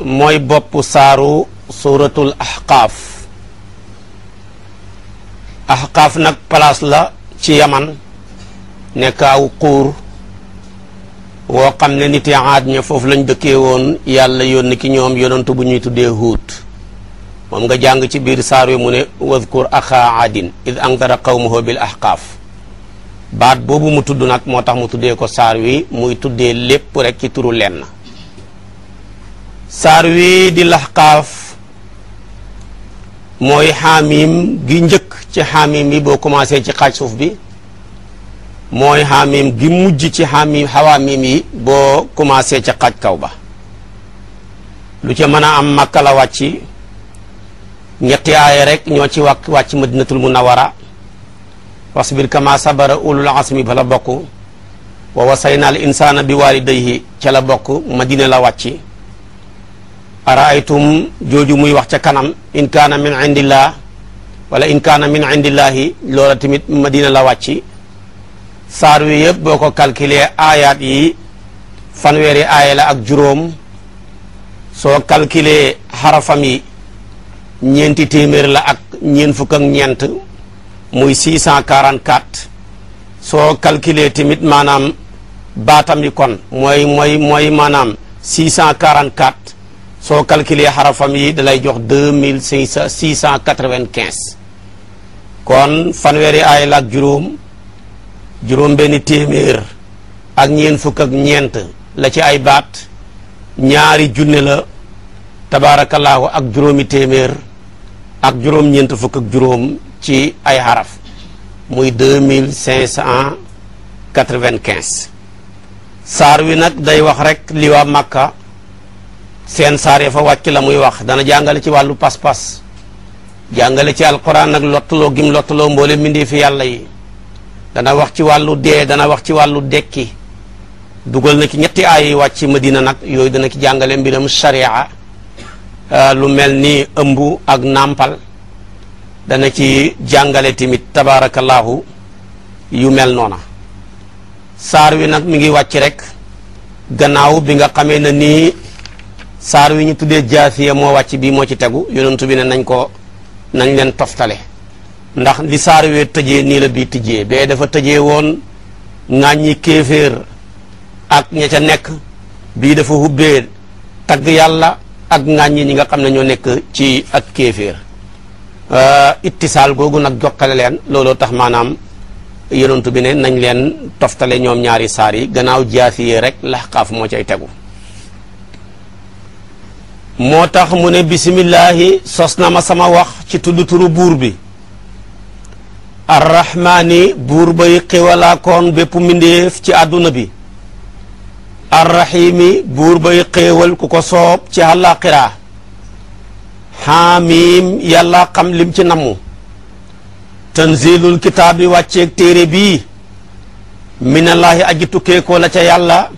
mooy bopp saaru suuratul ahqaaf ahqaaf nag palaas la ci yaman nekk aw xuur woo xam ne nit aad foofu lañ dëkkee woon yàlla yónni ki ñoom yonantu bu ñuy tuddee huut moom nga jàng ci biir saar wi mu ne wadkur axaa aadin id angdara qawmahu bil ahqaaf baat boobu mu tudd nag moo tax mu tuddee ko saar wi muy tuddee lépp rek ci turu lenn saar wi di laxqaaf mooy xaamim gi njëkk ci xaamim yi boo commencé ci xaaj suuf bi mooy xaamim gi mujj ci xaamim xawaamim yi boo commencé ci xaaj kaw ba lu ci mën a am Makka la wàcc ñetti aaya rek ñoo ci wàcc wàcc madinatul munawara wasbir a sabara ulul azmi ba la bokk wa wasayna al insaana bi walidayhi ca la bokk madina la wàcc araaytum jooju muy wax ca kanam in kaana min indillah wala in kaana min indillahi loola tamit madina la wàcci saar wi yëpp boo ko calculer aayaat yi fanweeri aaya la ak juróom soo calculer xarafam yi ñeenti téeméer la ak ñeent fukk ak ñeent muy 644 soo calculer tamit maanaam baatam yi kon mooy mooy mooy maanaam soo calculer xarafam yi dalay jox deux mille six cent quatre-vingt-quinze kon fanweeri aay la ak juróom juróom benn téeméer ak ñeent fukk ak ñeent la ci ay baat ñaari junne la tabaarakallaahu ak juróomi téeméer ak juróom-ñeent fukk ak juróom ci ay xaraf muy deux mille cinq cent quatre vingt saar wi nag day wax rek li waa Makka seen saaree fa wàcc la muy wax dana jàngale ci wàllu pas-pas jàngale ci alquran nag lottuloo gim lottuloo mboole mindee fi yàlla yi dana wax ci wàllu dee dana wax ci wàllu dekki dugal na ci ñetti ay yi ma dina nag yooyu dana ci jàngale mbiram sharia ah, lu mel ni ëmb ak nàmpal dana ci jàngale tamit tabaarakallaahu yu mel noona saar wi nag mu ngi wàcc rek gannaaw bi nga xamee na nii saar wi ñu tuddee jaasiya moo wàcc bii moo ci tegu yonentu bi ne nañ ko nañ leen toftale ndax li saar wee tëje nii la bii tijjee bee dafa tëjee woon ŋàññi kéeféer ak ña ca nekk bii dafa hubbee tagg yàlla ak ŋàññi ñi nga xam ne ñoo nekk ci ak kéeféer euh, ittisaal googu nag jokkale leen looloo tax maanaam yonentu bi ne nañ leen toftale ñoom ñaari saar yi gannaaw jaasiya rek laxqaaf moo cay tegu moo tax mu ne bisimillahi sos na ma sama wax ci tudd turu buur bi arrahmaani buur bay xéewalaakoon bépp mbindéef ci àdduna bi arrahiimi buur bay xéewal ku ko soob ci àllaaxira xaamiim yàlla xam lim ci namu tanzilul kitaab bi wàcceeg téere bii minallaahi aji tukkeekoo la ca yàlla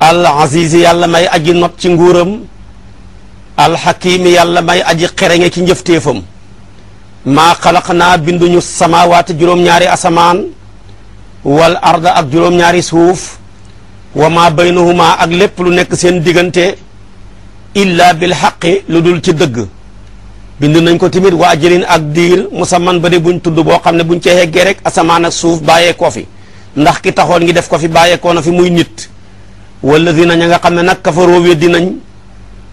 al azizi yàlla may aji not ci nguuram alxakiim yàlla may aji xereñe ci njëfteefam maa xalaq naa binduñu samaawaati juróom-ñaari asamaan wal arda ak juróom-ñaari suuf wa maa baynahuma ak lépp lu nekk seen diggante illa bil xaqi lu dul ci dëgg bind nañ ko tamit wa ajalin ak diir musamman ba de buñ tudd boo xam ne buñ cee heggee rek asamaan ak suuf bàyyeekoo fi ndax ki taxoon ngi def ko fi bàyyeekoo na fi muy nit wala dina ña nga xam ne nag kafaroo weddi nañ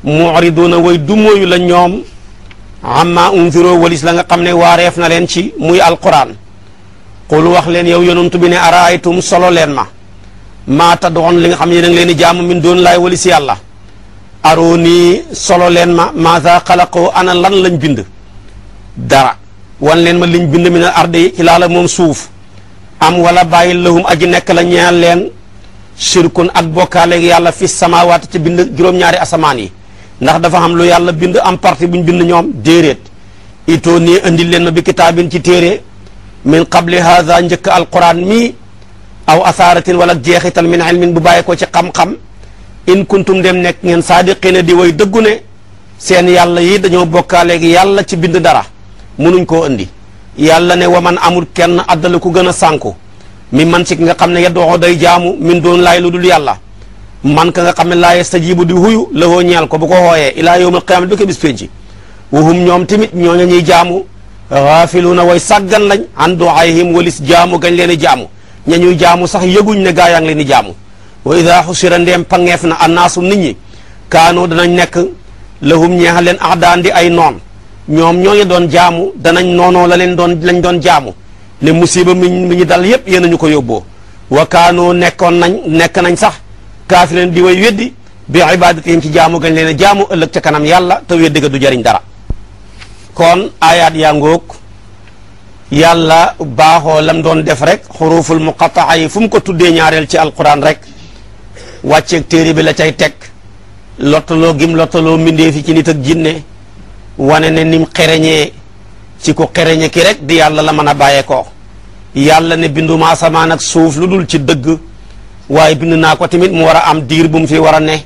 mu'riduuna way du mooyu la ñoom amma unziroo walis la nga xam ne waareef na leen ci muy alquran qul wax leen yow yonent bi ne araaytum solo leen ma maa tad'uun li nga xam ne yéen leen di jaamu min doon laay walis yàlla arooni solo leen ma maaza xalaqoo lan lañ bind dara wan leen ma liñ bind min al ardi ci laala moom suuf am wala bàyyi lahum aji nekk la ñeel leen shirkun ak bokkaale yàlla fi samaawaat ci bind juróom-ñaari asamaan yi ndax dafa am lu yàlla bind am bu ñu bind ñoom déeréet itoo ni andil leen ma bi kitaabin ci téere min qabli haada njëkk alquran mii aw asaaratin wala jeexital min ilmin bu bàyyi ko ci xam-xam in kuntum dem nekk ngeen saadiqina di way dëggu ne seen yàlla yi dañoo bokkaaleegi yàlla ci bind dara munuñ ko indi yàlla ne waman amul kenn addala ku gën a sànku mi man ci nga xam ne yeddoxoo day jaamu min doon lay lu dul yàlla man ka nga xam ne laa yastajibu di huyu la hoo ñeel ko bu ko hooyee ilaa yawmal qiyaamati bi ko bis pénci wahum ñoom tamit ñooña ñuy jaamu gaafiluuna way sàggan lañ an duaayhim walis jaamu gañ leen i jaamu ña ñuy jaamu sax yëguñ ne gaa yaa ngi leen di jaamu wa idaa xusira ndeem pangeef na annaasu nit ñi kaanu danañ nekk lahum ñeexa leen aadaan di ay noon ñoom ñoo ñooñu doon jaamu danañ noonoo la leen doon lañ doon jaamu ne musiba mi mi ñu dal yépp yéen a ñu ko yóbboo wa kaanu nekkoon nañ nekk nañ sax kaafirin di way weddi bi ibadatihim ci jaamu gañ leen a jaamu ëllëg kanam yàlla te weddi ga du jariñ dara kon ayaat yaa ngoog yàlla baaxoo lam doon def rek xuruful muqataa yi fu mu ko tuddee ñaareel ci alquran rek wàcceeg téere bi la cay teg lottaloo gim lottaloo mbindee fi ci nit ak jinne wane ne nim xereñee ci ko xereñe ki rek di yàlla la mën a bàyyee ko yàlla ne binduma asamaan ak suuf lu dul ci dëgg waaye bind naa ko tamit mu war a am diir bu mu fi war a ne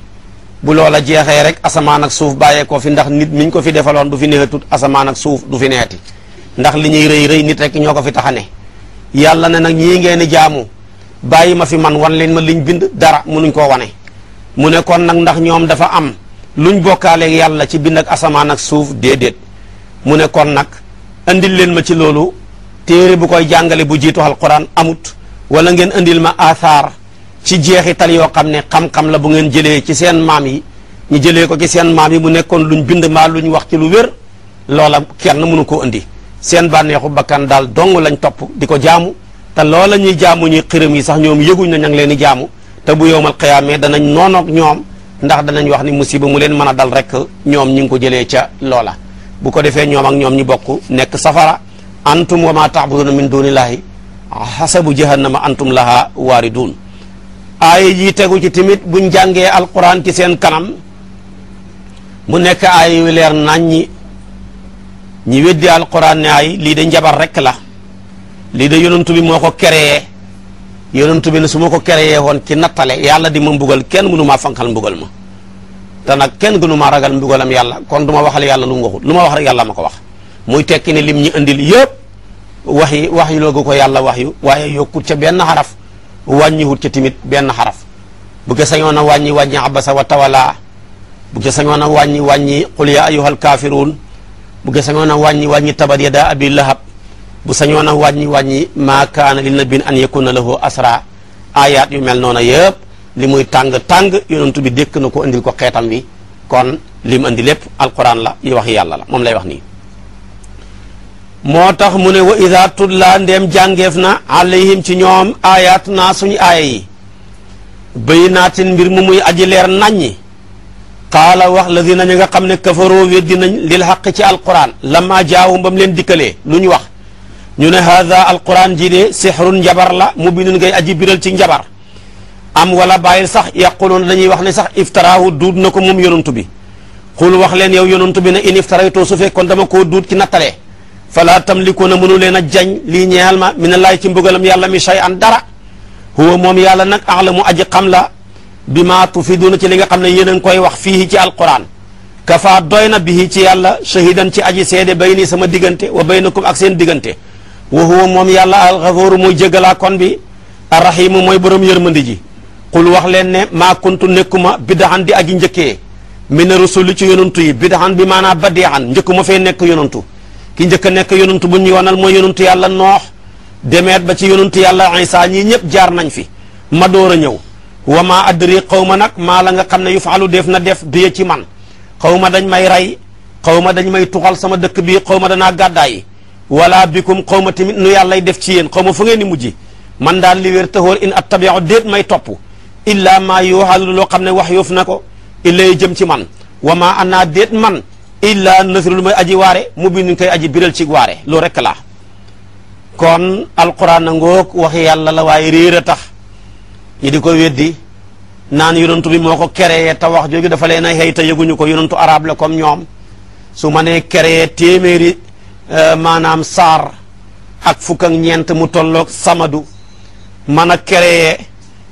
bu loola jeexee rek asamaan ak suuf bàyyee ko fi ndax nit miñ ko fi defaloon du fi neexatut asamaan ak suuf du fi neeti ndax li ñuy rëy rëy nit rek ñoo ko fi tax a ne yàlla ne nag ñii ngeen di jaamu bàyyi ma fi man wan leen ma liñ bind dara nuñ koo wane mu ne kon nag ndax ñoom dafa am luñ bokkaaleeg yàlla ci bind ak asamaan ak suuf déedéet mu ne kon nag andil leen ma ci loolu téere bu koy jàngale bu jiitu alquran amut wala ngeen andil ma athar ci jeexital yoo xam ne xam la bu ngeen jëlee ci seen maam yi ñu jëlee ko ci seen maam yi mu nekkoon lu ñu bind maa lu ñu wax ci lu wér loola kenn mënu ko indi seen bànneexu bakkan daal dong lañ topp di ko jaamu te loola ñuy jaamu ñuy xërëm yi sax ñoom yëguñ na ña ngi leen di jaamu te bu yowmal xiyaamee danañ noonoog ñoom ndax danañ wax ni musiba mu leen mën a dal rek ñoom ñi ngi ko jëlee ca loola bu ko defee ñoom ak ñoom ñu bokk nekk safara antum wa ma taabuduna min dunillahi hasabu jahannama antum laha waaridun aaya yi tegu ci tamit buñ jàngee alquran ci seen kanam mu nekk aaya yu leer ñi weddi alquran ne ay lii de njabar rekk la lii de yonantu bi moo ko créé yonantu bi na su ma ko créé woon ci nattale yàlla di ma mbugal kenn mënu maa fanqal mbugal ma te nag kenn gënu maa ragal mbugalam yàlla kon du ma waxal yàlla lu mu lu ma wax rek yàlla ma ko wax muy tekki ne lim ñi andil yëpp wax wax yu loogu ko yàlla wax yu waaye yokkut ca benn xaraf wàññiwut ci timit benn xaraf bu ko sañoon a wàññi wàññi abasa wa tawala bu ko sañoon a wàññi wàññi qul ya ayyuhal kaafiruun bu ko sañoon a wàññi wàññi tabat yada abi lahab bu sañoon a wàññi wàññi maa kaana li nabiyyin an yakuna lahu asra ayaat yu mel noonu yëpp li muy tàng-tàng yonentu bi dékk na ko indil ko xeetam wi kon li mu indi lépp alquran la yi wax yàlla la moom lay wax nii moo tax mu ne wa ida la ndem jàngeef na alayhim ci ñoom aayaat naa suñu aaya yi bayinaatin mbir mu muy aji leer naññi qaala wax la dina ña nga xam ne kafaroo weddi nañ lil xaq ci alquran lamma jaawum ba mu leen dikkalee lu ñu wax ñu ne haada alquran ji de sixrun njabar la mu mubinun ngay aji biral ci njabar am wala bàyyil sax yaquluun dañuy wax ne sax iftaraahu duud na ko moom yonantu bi xul wax leen yow yonantu bi ne in iftaraytoo su fekkoon dama koo duud ci nattalee fala tamlikuuna mënu leen a jañ lii ñeexal ma mi ne ci mbugalam yàlla mi shay an dara huwa moom yàlla nag axlamu aji xam la bi maa tufiduuna ci li nga xam ne yéen koy wax fii ci alquran kafaa doy na bihi ci yàlla shahidan ci aji seede bay nii sama diggante wa baynakum ak seen diggante wa huwa moom yàlla alxafooru muy jégalaa kon bi arrahimu mooy borom yërmandi ji qul wax leen ne maa kuntu nekkuma bidaxan di aji njëkkee mina rusuli ci yonantu yi bidaxan bi maanaa badeexan njëkkuma fee nekk yonantu ki njëkk a nekk yonantu bu ñu yoonal mooy yonantu yàlla noox demeet ba ci yonantu yàlla Isaa ñii ñëpp jaar nañ fi ma door a ñëw wa maa addri xaw ma nag maa la nga xam ne yu faalu def na def bi ci man xaw ma dañ may rey xaw ma dañ may tuxal sama dëkk bii xaw ma danaa gàddaayi bi bikum xaw ma tamit nu yàllay def ci yéen xaw ma fu ngeen di mujj man daal li wér taxóor in attabiu déet may topp illaa maa yuuxal loo xam ne wax yoof na ko illay jëm ci man wa illa lu may aji waare mu bind koy aji biral ci waare lu rek la kon alquran na ngoog waxi yàlla la waaye réer a tax ñi di ko weddi naan yonantu bi moo ko créé te wax jooju dafa leen a xëy te yëguñu ko yonantu arab la comme ñoom su manee nee créé téeméeri euh, maanaam saar ak fukk ñeent mu tolloog samadu man a créé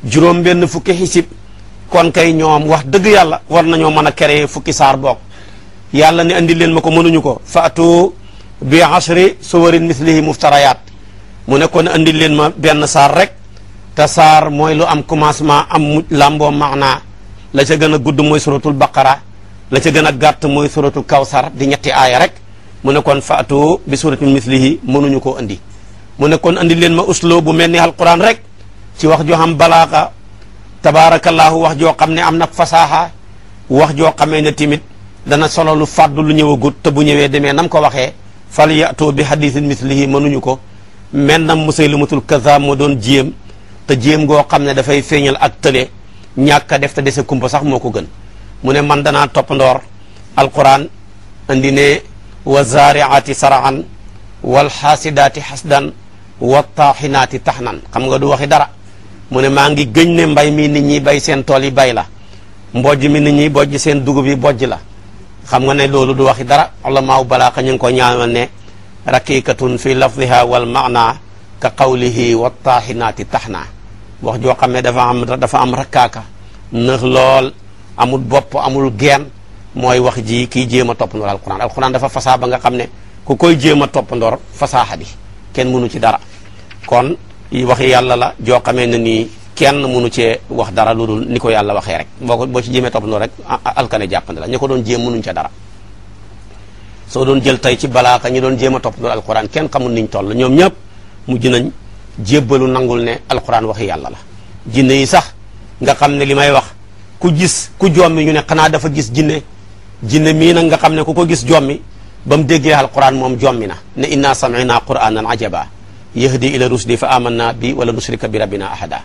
juróom benn fukki xisib kon kay ñoom wax dëgg yàlla war nañoo mën a créé fukki saar bokk yàlla ne andil leen ma ko mënuñu ko faatu bi asri suwarin mislihi muftarayaat mu ne kon andil leen ma benn saar rek te saar mooy lu am commencement am mu làmboo maanaa la ca gën a gudd mooy suratul baqara la ca gën a gàtt mooy suratul kawsar di ñetti aaya rek mu ne kon faatu bi suratin mislihi mënuñu ko andi mu ne kon andil leen ma uslo bu mel ni alquran rek ci wax joo xam balaaxa tabaarakallaahu wax joo xam ne am na fasaaxa wax joo xamee ne timit dana solo lu fàddu lu ñëwagut te bu ñëwee demee nam ko waxee fal yatoo bi hadisin mislihi mënuñu ko men nam musaylimatul kazaab moo doon jéem te jéem goo xam ne dafay feeñal ak tële ñàkk a def te dese kumpa sax moo ko gën mu ne man danaa topp ndoor alquran andi ne wa zaariaati saraan wal xaasidaati xasdan wa taaxinaati taxnan xam nga du waxi dara mu ne maa ngi gëñ ne mbay mii nit ñi bay seen tool yi bay la mboj mi nit ñi bojj seen dugub yi bojj la xam nga ne loolu du waxi dara ulamaaw balaaxa ñu ngi ko ñaanal ne raqiqatun fi lafdiha wal maana ka qawlihi wa taaxinaati taxna wax joo xam ne dafa am dafa am rakkaaka nëx lool amul bopp amul geen mooy wax ji kii jéem a topp ndoor alquran alquran dafa fasaa ba nga xam ne ku koy jéem a topp ndoor fasaaxa bi kenn mënu ci dara kon waxi yàlla la joo xamee nii kenn mënu cee wax dara lu dul ni ko yàlla waxee rek boo boo ci jéemee topp noonu rek alkane jàppandi la ña ko doon jéem mënuñ ca dara soo doon jël tey ci balaaka ñi doon jéem a topp loolu alquran kenn xamul niñ toll ñoom mu mujj nañ jébbalu nangul ne alquran waxi yàlla la jinne yi sax nga xam ne li may wax ku gis ku mi ñu ne xanaa dafa gis jinne jinne mii nag nga xam ne ku ko gis jommi ba mu déggee alquran moom joom jommi na ne inna samina quranan ajaba yahdi a rusdi fa amanna bi wala nushrika bi rabbina ahada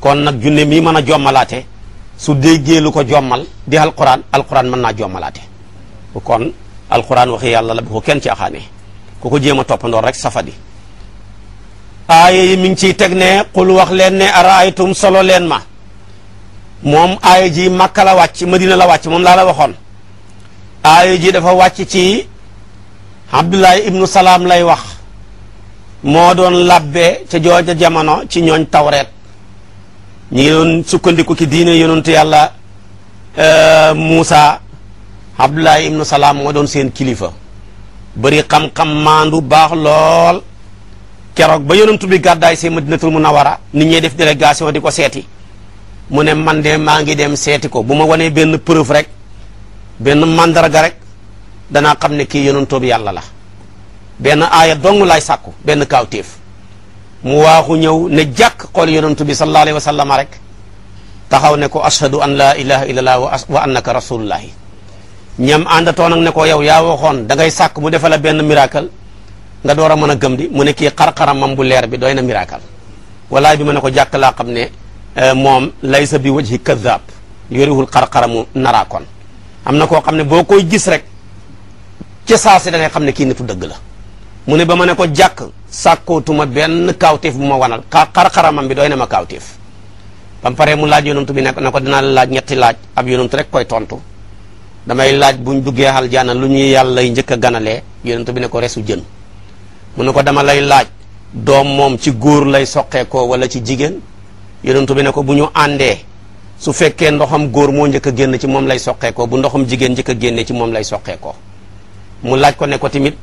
kon nag junne mi mën a jommalaate su déggee lu ko jommal di alquran alquran mën naa jommalaate kon alquran waxi yàlla la bu ko kenn ci axaanee ku ko jéem a toppandoor rek safadi aaya yi mi ngi ciy teg ne qul wax leen ne araaytum solo leen ma moom aaya ji Makka la wàcc Madina la wàcc moom laa la waxoon aaya ji dafa wàcc ci Abdullahi ibnu Salaam lay wax moo doon labbe ca jooja jamono ci ñooñ tawreet ñu ngi doon sukkandiku ki diine ti yàlla euh, Moussa Abdoulaye ibnu Salaam moo doon seen kilifa bari xam-xam maandu baax lool keroog ba yonentu bi gàddaay see Madinatul Munawara ni ñee def délégation di ko seeti mu ne man de maa ngi dem seeti ko bu ma wanee benn preuve rek benn mandarga rek danaa xam ne kii yonentu bi yàlla la benn aaya dong lay sàkku benn kaawteef mu waaxu ñëw ne jàkk xool yonantu bi sallallahu alayhi wa sallam rek taxaw ne ko ashhadu an laa ilaha illallah wa annaka rasulullahi ñam àndatoon ak ne ko yow yaa waxoon dangay ngay sàkk mu defal la benn miracle nga door a mën a gëm di mu ne kii xar-xaramam bu leer bi doy na miracle walaay bi ma ne ko jàkk laa xam ne euh, moom laysa bi wajhi kadab yoriwul xar-xaramu naraakoon am na koo xam ne boo koy gis rek ci saa si da ngay xam ne kii nitu dëgg la mu ne ba ma ne ko jàkk sàkkootuma benn kaawteef bu ma wanal xar-xaramam bi doy na ma kaawteef bam pare mu laaj yonantu bi ne na ko dinaa la laaj ñetti laaj ab yonantu rek koy tontu damay laaj buñ duggee aljaana lu ñuy yàlla njëkk a ganalee yonantu bi ne ko resu jën mu ne ko dama lay laaj doom moom ci góor lay soqeekoo wala ci jigéen yonantu bi ne ko bu ñu àndee su fekkee ndoxam góor moo njëkk a génn ci moom lay soqeekoo bu ndoxam jigéen a génne ci moom lay soqeekoo mu laaj ko ne ko tamit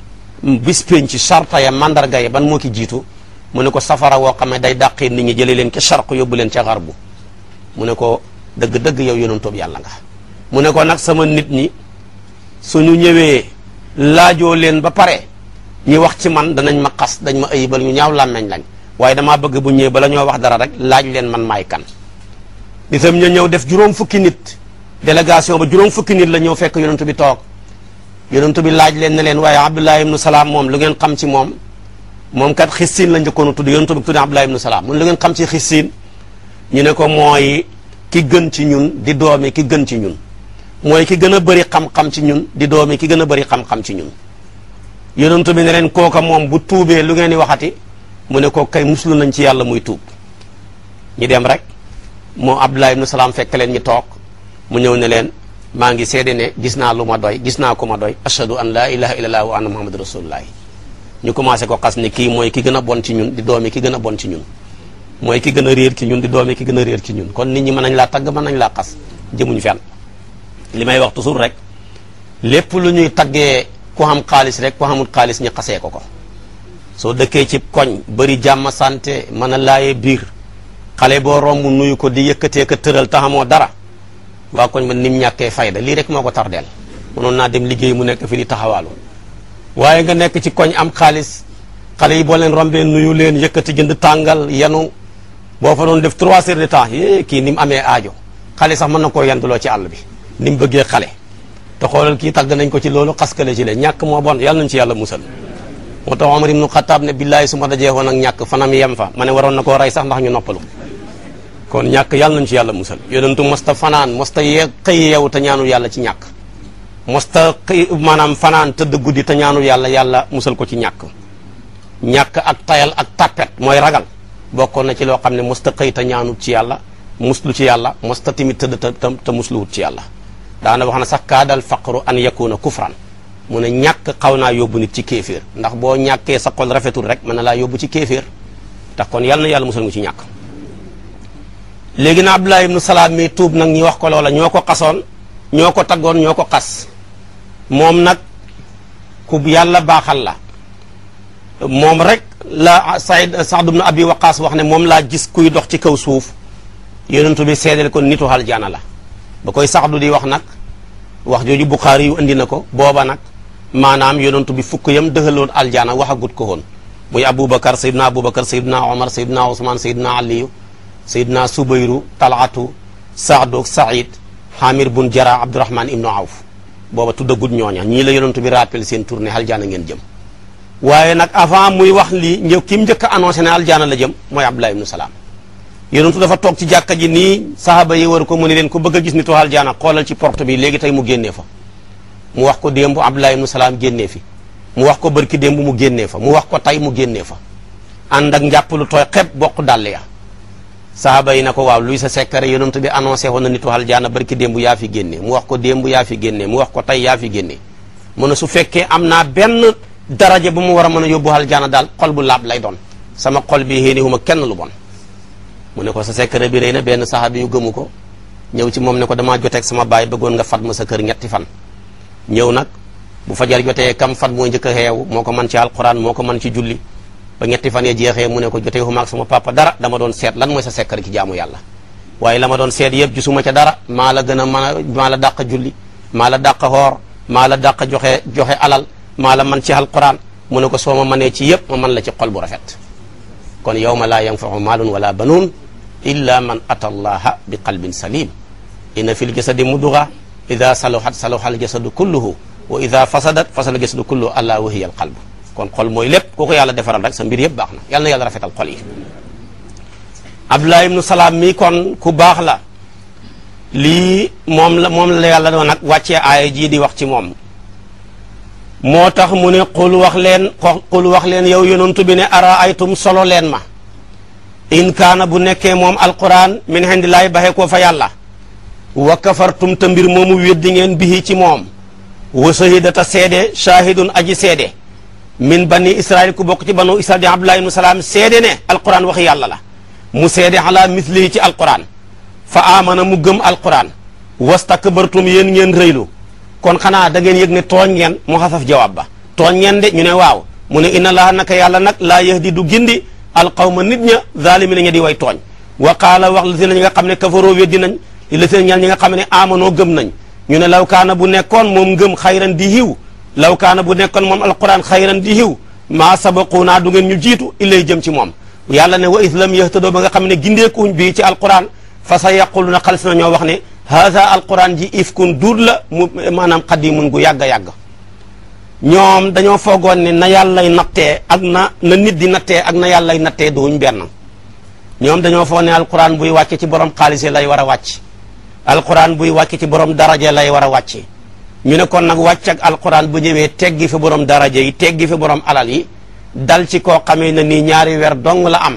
bis ci sarta ya mandarga ya ban moo ki jiitu mu ne ko safara woo xam ne day dàqee ni ñi jëlee leen ci sarq yóbbu leen ca bu mu ne ko dëgg-dëgg yow yonentoob yàlla nga mu ne ko nag sama nit ñi ñu ñëwee laajoo leen ba pare ñu wax ci man danañ ma xas dañ ma ayibal ñu ñaaw làmmeñ lañ waaye damaa bëgg bu ñëwee bala ñoo wax dara rek laaj leen man maay kan nitam ñu ñëw def juróom fukki nit délégation ba juróom fukki nit la ñëw fekk yonentu bi toog yonent bi laaj leen ne leen waaye Abdullah ibnu Salaam moom lu ngeen xam ci moom moom kat xissin la njëkkoon a tudd yonent bi tudd Abdullah ibnu Salaam mun lu ngeen xam ci xissin ñu ne ko mooy ki gën ci ñun di doomi ki gën ci ñun mooy ki gën a bari xam-xam ci ñun di doomi ki gën a bari xam-xam ci ñun yonent bi ne leen kooka moom bu tuubee lu ngeen di waxati mu ne ko kay muslu nañ ci yàlla muy tuub ñu dem rek moo Abdullah ibnu Salaam fekk leen ñu toog mu ñëw ne leen maa ngi seede ne gis naa lu ma doy gis naa ko ma doy ashhadu an laa ilaha illallah wa anna muhammadu rasulullah ñu commencé ko xas ne kii mooy ki gën a bon ci ñun di doomi ki gëna a bon ci ñun mooy ki gën a réer ci ñun di doomi ki gën a réer ci ñun kon nit ñi mën nañ laa tagg ma nañ laa xas jëmuñu fenn li may wax toujours rek lépp lu ñuy taggee ku xam xaalis rek ku xamul kaalis ñu xasee ko ko soo dëkkee ci koñ bëri jàmm santé mën a laayee biir xale boo romb nuyu ko di yëkkatee ko tëral taxamoo dara waa koñ man ni mu ñàkkee fayda lii rek moo ko tardeel mënoon naa dem liggéey mu nekk fi di taxawaalu waaye nga nekk ci koñ am xaalis xale yi boo leen nu nuyu leen yëkkati jënd tàngal yenu boo fa doon def trois heures de temps yee kii ni mu amee aajo xale sax mën na koo yenduloo ci àll bi ni mu bëggee xale te xoolal kii tàgg nañ ko ci loolu xaskale ci le ñàkk moo bon yàlla nañ ci yàlla musal moo tax Omar ibnu Xataab ne billaahi su ma dajee woon ak ñàkk fanam yem fa ma ne waroon na koo rey sax ñu noppalu kon ñàkk yàlla nañ ci yàlla musal yonentu mosta fanaan mosta yee xëy yeewu te ñaanul yàlla ci ñàkk mosta xëy maanaam fanaan tëdd guddi te ñaanul yàlla yàlla musal ko ci ñàkk ñàkk ak tayal ak tàppet mooy ragal bokkoon na ci loo xam ne mosta xëy te ñaanut ci yàlla muslu ci yàlla mosta timit tëdd te te musluwut ci yàlla daana wax na sax kaadal faqru an na kufran mu ne ñàkk xaw naa yóbbu nit ci kéeféer ndax boo ñàkkee sa kol rafetul rek mën na laa yóbbu ci kéeféer tax kon yàlla yàlla musal ci ñàkk léegi na Abdullah ibnu Salaam mi tuub nag ñi wax ko loola ñoo ko xasoon ñoo ko taggoon ñoo ko xas moom nag ku yàlla baaxal la moom rek la Saïd Saad ibnu Abi Waqaas wax ne moom laa gis kuy dox ci kaw suuf yonentu bi seedeel ko nitu aljana la ba koy saxdu di wax nag wax jooju Buxaari yu indi na ko booba nag maanaam tu bi fukk yam dëxaloon aljana waxagut ko woon muy Aboubacar Seydina Aboubacar Seydina Omar Seydina Ousmane Seydina Aliyu sayidna subayru talaatu saadu said hamir bun jara abdurahman ibnu awf booba tuddagud ñooña ñii la yonentu bi rappel seen tournée aljaana ngeen jëm waaye nag avant muy wax lii ñëw ki mu njëkk annoncé ne aljaana la jëm mooy abdullah ibnu salaam yonentu dafa toog ci jàkka ji nii sahaba yi war ko mu ne leen ko bëgg gis ni nitu aljaana koolal ci porte bi léegi tey mu génnee fa mu wax ko démb abdullah ibnu salaam génnee fi mu wax ko bërki démb mu génnee fa mu wax ko tey mu génnee fa ànd ak njàpp bokk dàll sahaaba yi na ko waaw luy sa sekkare yonent bi annoncé woon na nitu aljaana barki démb yaa fi génne mu wax ko démb yaa fi génne mu wax ko tey yaa fi génne mu ne su fekkee am naa benn daraja ba mu war a mën a yóbbu aljaana daal xol bu laab lay doon sama xol bi xéenewuma kenn lu bon mu ne ko sa sekkare bi rey na benn sahaaba yu gëmu ko ñëw ci moom ne ko damaa joteeg sama baay bëggoon nga fat ma sa kër ñetti fan ñëw nag bu fajar jotee kam fat mooy njëkk a moo ko mën ci alquran moo ko mën ci julli ba ñetti fan ya jeexee mu ne ko jotee xumaak sama papa dara dama doon seet lan mooy sa sekkar ci jaamu yàlla waaye la ma doon seet yëpp gisuma ca dara maa la gën a a maa la dàq julli maa la dàq xoor maa la dàq joxe joxe alal maa la man ci alquran mu ne ko soo ma mënee ci yëpp ma mën la ci xol bu rafet kon yawma laa yanfau maalun wala banuun illa man ata allaha bi qalbin salim inna fi ljasadi mudga ida saluhat saluha aljasadu kulluhu wa ida fasadat fasada aljasadu kulluhu ala wahiya alqalb kon xol mooy lépp koo ko yàlla defaral rek sa mbir yëpp baax na yàlla na yàlla rafetal xol yi abdullah ibnu salaam mi kon ku baax la lii moom la moom la yàlla doon nag wàccee aaya jii di wax ci moom moo tax mu ne qul wax leen qul wax leen yow yonantu bi ne ara aytum solo leen ma in kaana bu nekkee moom alquran min hendilaay baxee koo fa yàlla wa kafartum te mbir moomu weddi ngeen bihi ci moom wa shahidata seede shahidun aji seede min bani israil ku bokk ci banu israil di abdullah ibnu salaam seede ne alquran wax yàlla la mu seede ala mislihi ci alquran fa amana mu gëm alquran wastakbartum yéen ngeen rëylu kon xanaa da ngeen yëg ne tooñ ngeen mu xasaf jawaab ba tooñ ngeen de ñu ne waaw mu ne inna laa naka yàlla nag laa di du gindi alqawma nit ña zalimina ña di way tooñ wa qaala wax la si ñi nga xam ne kafaroo weddi nañ li la si ñi nga xam ne amanoo gëm nañ ñu ne law kaana bu nekkoon moom ngëm xayran di hiw law kaana bu nekkoon moom alquran xayran di hiw maa sabaquunaa du ngeen ñu jiitu illay jëm ci moom yàlla ne wa is lam yahtadoo ba nga xam ne gindeekuuñ bii ci alquran fa sa yaquluuna xalis na ñoo wax ne haza alquran ji ifkun duut la mu maanaam xadimun gu yàgg a yàgg ñoom dañoo foogoon ne na yàllay nattee ak na na nit di nattee ak na yàllay nattee duuñ benn ñoom dañoo foog ne alquran buy wàcce ci borom xaalis lay war a wàcc alquran buy wàcce ci borom daraje lay war a wàcc ñu ne kon nag wàcc ak alquran bu ñëwee teggi fi borom daraja yi teggi fi borom alal yi dal ci koo xamee na nii ñaari weer dong la am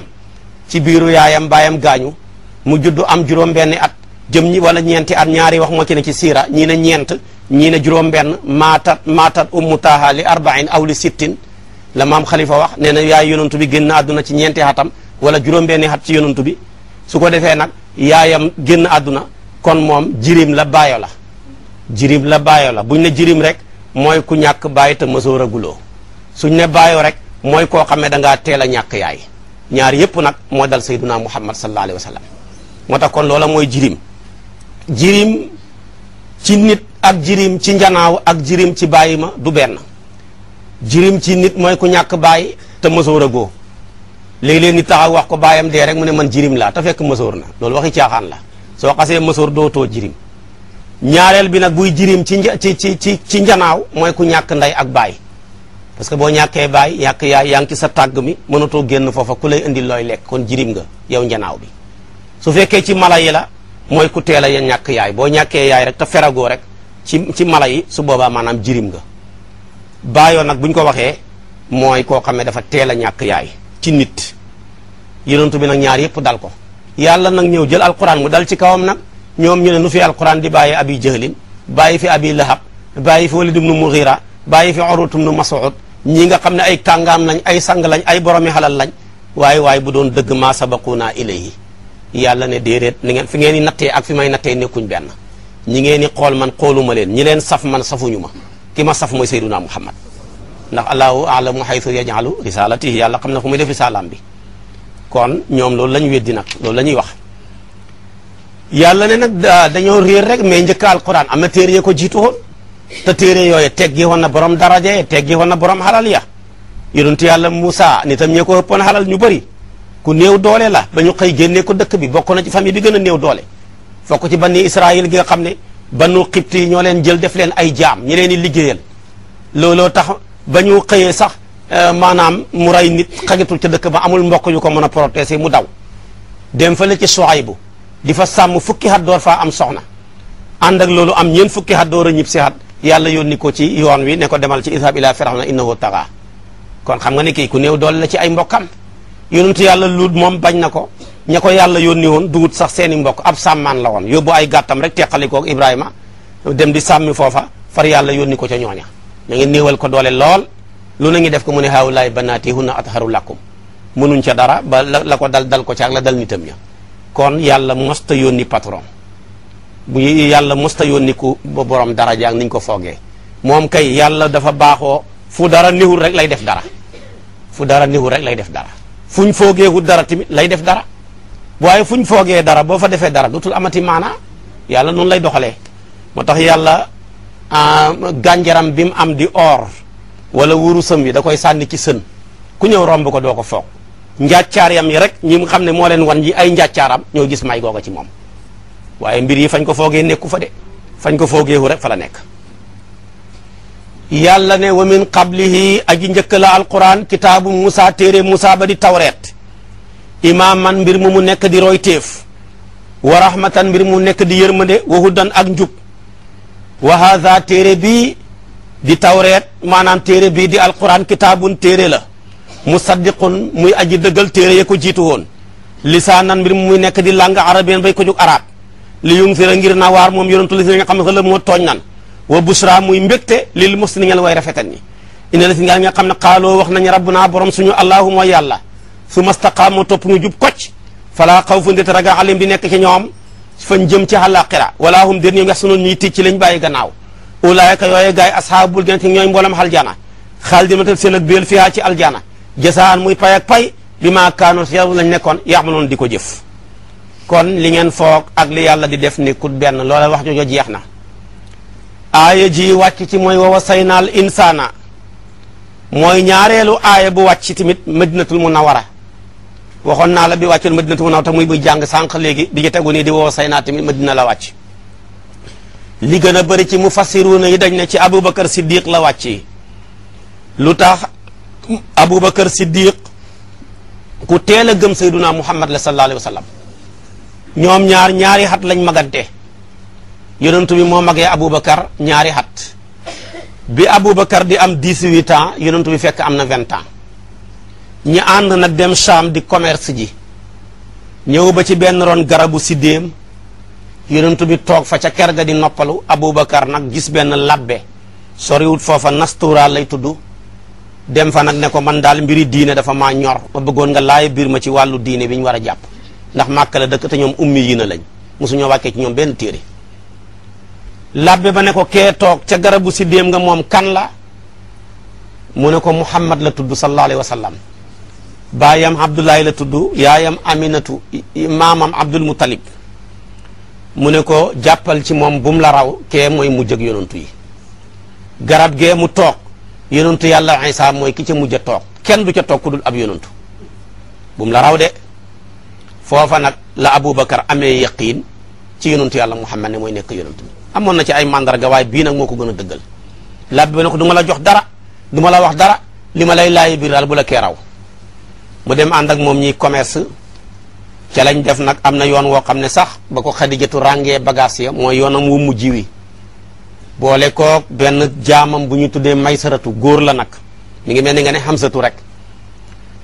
ci biiru yaayam baayam gaañu mu juddu am juróom-benni at jëm ñi wala ñeenti at ñaari wax moo ci ci siira ñii ne ñeent ñii ne juróom-benn maatat maatat ummu taaha li arbain aw li sittin la maam xalifa wax nee na yaay yonantu bi génn àdduna ci ñeenti xatam wala juróom-benni xat ci yonantu bi su ko defee nag yaayam génn àdduna kon moom jirim la baayo la jirim la baayo la buñ ne jirim rek mooy ku ñàkk bàyyi te mësoor aguloo suñ ne baayo rek mooy koo xam ne dangaa teel a ñàkk yaay ñaar yépp nag moo dal sayyiduna muhammad sallallahu alayhi wa moo tax kon loola mooy jirim jirim ci nit ak jirim ci njanaaw ak jirim ci bàyyi ma du benn jirim ci nit mooy ku ñàkk bàyyi te mësoor agoo léeg-léeg nit taxaw wax ko bàyyam dee rek mu ne man jirim laa te fekk mësoor na loolu waxi caaxaan la soo xasee mësoor dootoo jirim ñaareel bi nag buy jirim ci ci ci ci ci njanaaw mooy ku ñàkk nday ak baay parce que boo ñàkkee baay ñàkk yaay yaa ngi sa tàgg mi mënatoo génn foofa ku lay indi looy lekk kon jirim nga yow njanaaw bi su fekkee ci mala yi la mooy ku teel a ñàkk yaay boo ñàkkee yaay rek feragoo rek ci ci mala yi su boobaa maanaam jirim nga baayoo nag bu ko waxee mooy koo xam ne dafa teel a ñàkk yaay ci nit yonent bi nag ñaar yëpp dal ko yàlla nag ñëw jël alquran mu dal ci kawam nag ñoom ñu ne nu fi alquran di bàyyi abi jahlin bàyyi fi abi lahab bàyyi fi walid ibnu mughira bàyyi fi urwat ibnu mas'ud ñi nga xam ne ay kàngaam lañ ay sang lañ ay boromi xalal lañ waaye waaye bu doon dëgg maa sabaquuna ilayhi yàlla ne déedéet ni ngeen fi ngeen di nattee ak fi may nattee nekkuñ benn ñi ngeen di xool man ma leen ñi leen saf man ñu ma ki ma saf mooy sayduna muhammad ndax allahu alamu haythu yajalu risalatihi yàlla xam na fu muy def risalaam bi kon ñoom loolu la ñu weddi nag loolu la ñuy wax yàlla ne nag dañoo réer rek mais njëkk alquran am na téere ya ko jiitu woon te téere yooyu teggi woon na borom daraje teggi woon na borom xalal ya yonentu yàlla Moussa nitam ñee ko ëppoon xalal ñu bëri ku néew doole la ba ñu xëy génnee ko dëkk bi bokk na ci famille bi gën a néew doole fokk ci banni Israël gi nga xam ne bannu xibti yi ñoo leen jël def leen ay jaam ñi leen di liggéeyal looloo tax ba ñu xëyee sax euh, maanaam mu rey nit xagitul ca dëkk ba amul mbokk yu ko mën a protéger mu daw dem fa la ci Suwaybu di fa sàmm fukki at door fa am soxna ànd ak loolu am ñeen fukki at door a ñib si at yàlla yónni ko ci yoon wi ne ko demal ci idhab ila firawna innahu taxa kon xam nga ne kii ku néew doole la ci ay mbokkam yonentu yàlla luut moom bañ na ko ña ko yàlla yónni woon dugut sax seeni mbokk ab sàmmaan la woon yóbbu ay gàttam rek teqalikoog Ibrahima dem di sàmmi foofa far yàlla yónni ko ca ñooña na ngi néewal ko doole lool lu na ngi def ko mu ne haawulaay banaati hunna atharu lakum mënuñ ca dara ba la ko dal dal ko ca ak la kon yàlla mosta yónni patron bu yàlla mosta yónni ku borom daraja ak niñ ko foogee moom kay yàlla dafa baaxoo fu dara néewul rek lay def dara fu dara néewul rek lay def dara fuñ foogeewul dara tamit lay def dara waaye fuñ foogee dara boo fa defee dara dootul amati maana yàlla noonu lay doxalee moo tax yàlla ah, gànjaram bi mu am di or wala wurusam yi da koy sànni ci sën ku ñëw romb ko doo ko foog njàccaaryam yi rek ñi xam ne moo leen wan yi ay njàccaaram ñoo gis may googa ci moom waaye mbir yi fañ ko foogee nekku fa de fañ ko foogeewu rek fa la nekk yàlla ne wa min qablihi aji njëkk la alquran kitaabu Musa téere Musa ba di tawreet imaaman mbir mu mu nekk di roy téef wa rahmatan mbir mu nekk di yërmande wa hudan ak njub wa haadha téere bi di tawreet maanaam téere bii di alquran kitaabun téere la mu musaddiqun muy aji dëggal téere ya ko jiitu woon lisaanan mbir muy nekk di làng arabeen bay ko jug arab li yun fira ngir na waar moom yonentu tu si nga xam ne xëla moo tooñ nan wa busra muy mbégte lil muslimin ñel way rafetan ñi ina la si nga nga xam ne xaaloo wax nañ rabbuna borom suñu allahu mooy yàlla su mastaqaamu topp ñu jub kocc falaa xawfun det raga alim di nekk ci ñoom fañ jëm ci àllaaxira wala hum déet ñoom yax sunoon ñuy ticc lañ bàyyi gannaaw ulaayka yooye gaay ashaabul jannati ñooy mboolam aljana xaal dima ta seen ak béel fiyaa ci aljana jasaan muy pay ak pay bi maa kaanoon si lañ nekkoon yaxmaloon di ko jëf kon li ngeen foog ak li yàlla di def ni benn loola wax joojo jeex na aaya ji wàcc ci mooy wa wasaynaal insaana mooy ñaareelu aaya bu wàcc tamit madinatul munawara waxoon naa la bi wàccul madinatul munawara tax muy buy jàng sànq léegi bi ci tegu nii di wa wasaynaa tamit madina la wàcc li gën a bëri ci mufassiruuna yi dañ ne ci abubakar siddiq la wàcc lu tax Aboubacar Siddiq ku teel a gëm sayduna Muhammad la sallallahu alayhi wa sallam ñoom ñaar ñaari xat lañ magante yonentu bi moo magee Aboubacar ñaari xat bi Aboubacar di am 18 ans yonentu bi fekk am na 20 ans ñi ànd nag dem Cham di commerce ji ñëw ba ci benn ron garabu siddéem yonentu bi toog fa ca kër ga di noppalu Aboubacar nag gis benn labbe soriwut foofa nastuuraal lay tudd dem fa nag ne ko man daal mbiri diine dafa ma ñor ma bëggoon nga laay biir ma ci wàllu diine bi ñu war a jàpp ndax màkk la dëkk te ñoom ummi yi na lañ mosuñoo wàccee ci ñoom benn téere labbe ba ne ko kee toog ca garabu si déem nga moom kan la mu ne ko Muhammad la tudd sallallahu alayhi wa sallam baayam Abdullahi la tudd yaayam Aminatu maamam Abdul Muttalib mu ne ko jàppal ci moom bum la raw kee mooy mu ak yonantu yi garab gee mu toog yonentu yàlla Isa mooy ki ca mujj a toog kenn du ca toog ku dul ab yonentu bu la raw de foofa nag la Aboubacar amee yaqiin ci yonentu yàlla Muhammad ne mooy nekk yonentu amoon na ci ay mandarga bii nag moo ko gën a dëggal laaj bi ne ko du la jox dara du la wax dara li ma lay laaj biir daal bu la raw mu dem ànd ak moom ñii commerce ca lañ def nag am na yoon woo xam ne sax ba ko Xadijatu ràngee bagage ya mooy yoonam wu mujj wi. boole kook benn jaamam bu ñu tuddee may maysaratu góor la nag mi ngi mel ni nga ne xamsatu rek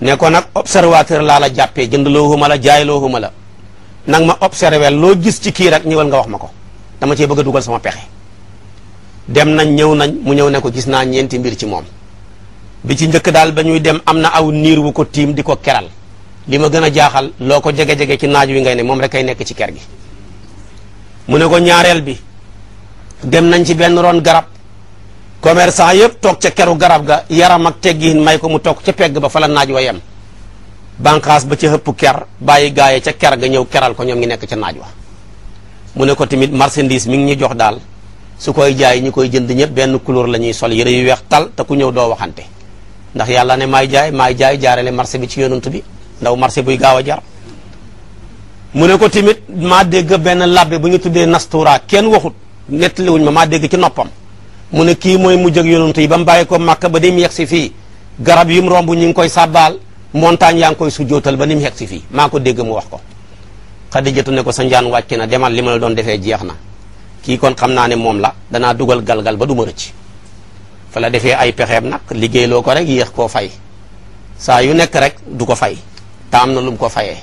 ne ko nag observateur laa la jàppee jënd loo looxuma la jaay looxuma la nag ma observé loo gis ci kii rek ñëwal nga wax ma ko dama cee bëgg a dugal sama pexe dem nañ ñëw nañ mu ñëw ne ko gis naa ñeenti mbir ci moom bi ci njëkk daal ba ñuy dem am na aw niir wu ko tiim di ko keral li ma gën a jaaxal loo ko jege-jege ci naaj wi ngay ne moom rek kay nekk ci ker gi mu ne ko ñaareel bi dem nañ ci benn ron garab commercant yëpp toog ca keru garab ga yaram ak teggiin may ko mu toog ca pegg ba fa la naaj wa yem banqaas ba ca hëpp ker bàyyi gaaye ca ker ga ñëw keral ko ñoom ngi nekk ca naaj wa mu ne ko tamit marchandise mi ngi ñu jox daal su koy jaay ñi koy jënd ñëpp benn couleur la ñuy sol yëre yu weex tal te ku ñëw doo waxante ndax ne maay jaay maay jaay jaarale marché bi ci yonent bi ndaw marché buy gaaw a jar mu ne ko tamit maa dégg benn labbe bu ñu tuddee nastuura kenn waxut nettaliwuñ ma maa dégg ci noppam mu ne kii mooy mu ak yonent yi ba mu bàyyi ko Màkka ba ni mu si fii garab yi mu romb ñu ngi koy sàbbaal montagne yaa ngi koy su jóotal ba ni mu yegg si fii maa ko dégg mu wax ko Xadijatu ne ko sa njaan wàcc na demal li ma la doon defee jeex na kii kon xam naa ne moom la danaa dugal galgal ba du ma rëcc fa la defee ay pexeem nag liggéeyloo ko rek yéex koo fay saa yu nekk rek du ko fay taam na lu mu ko fayee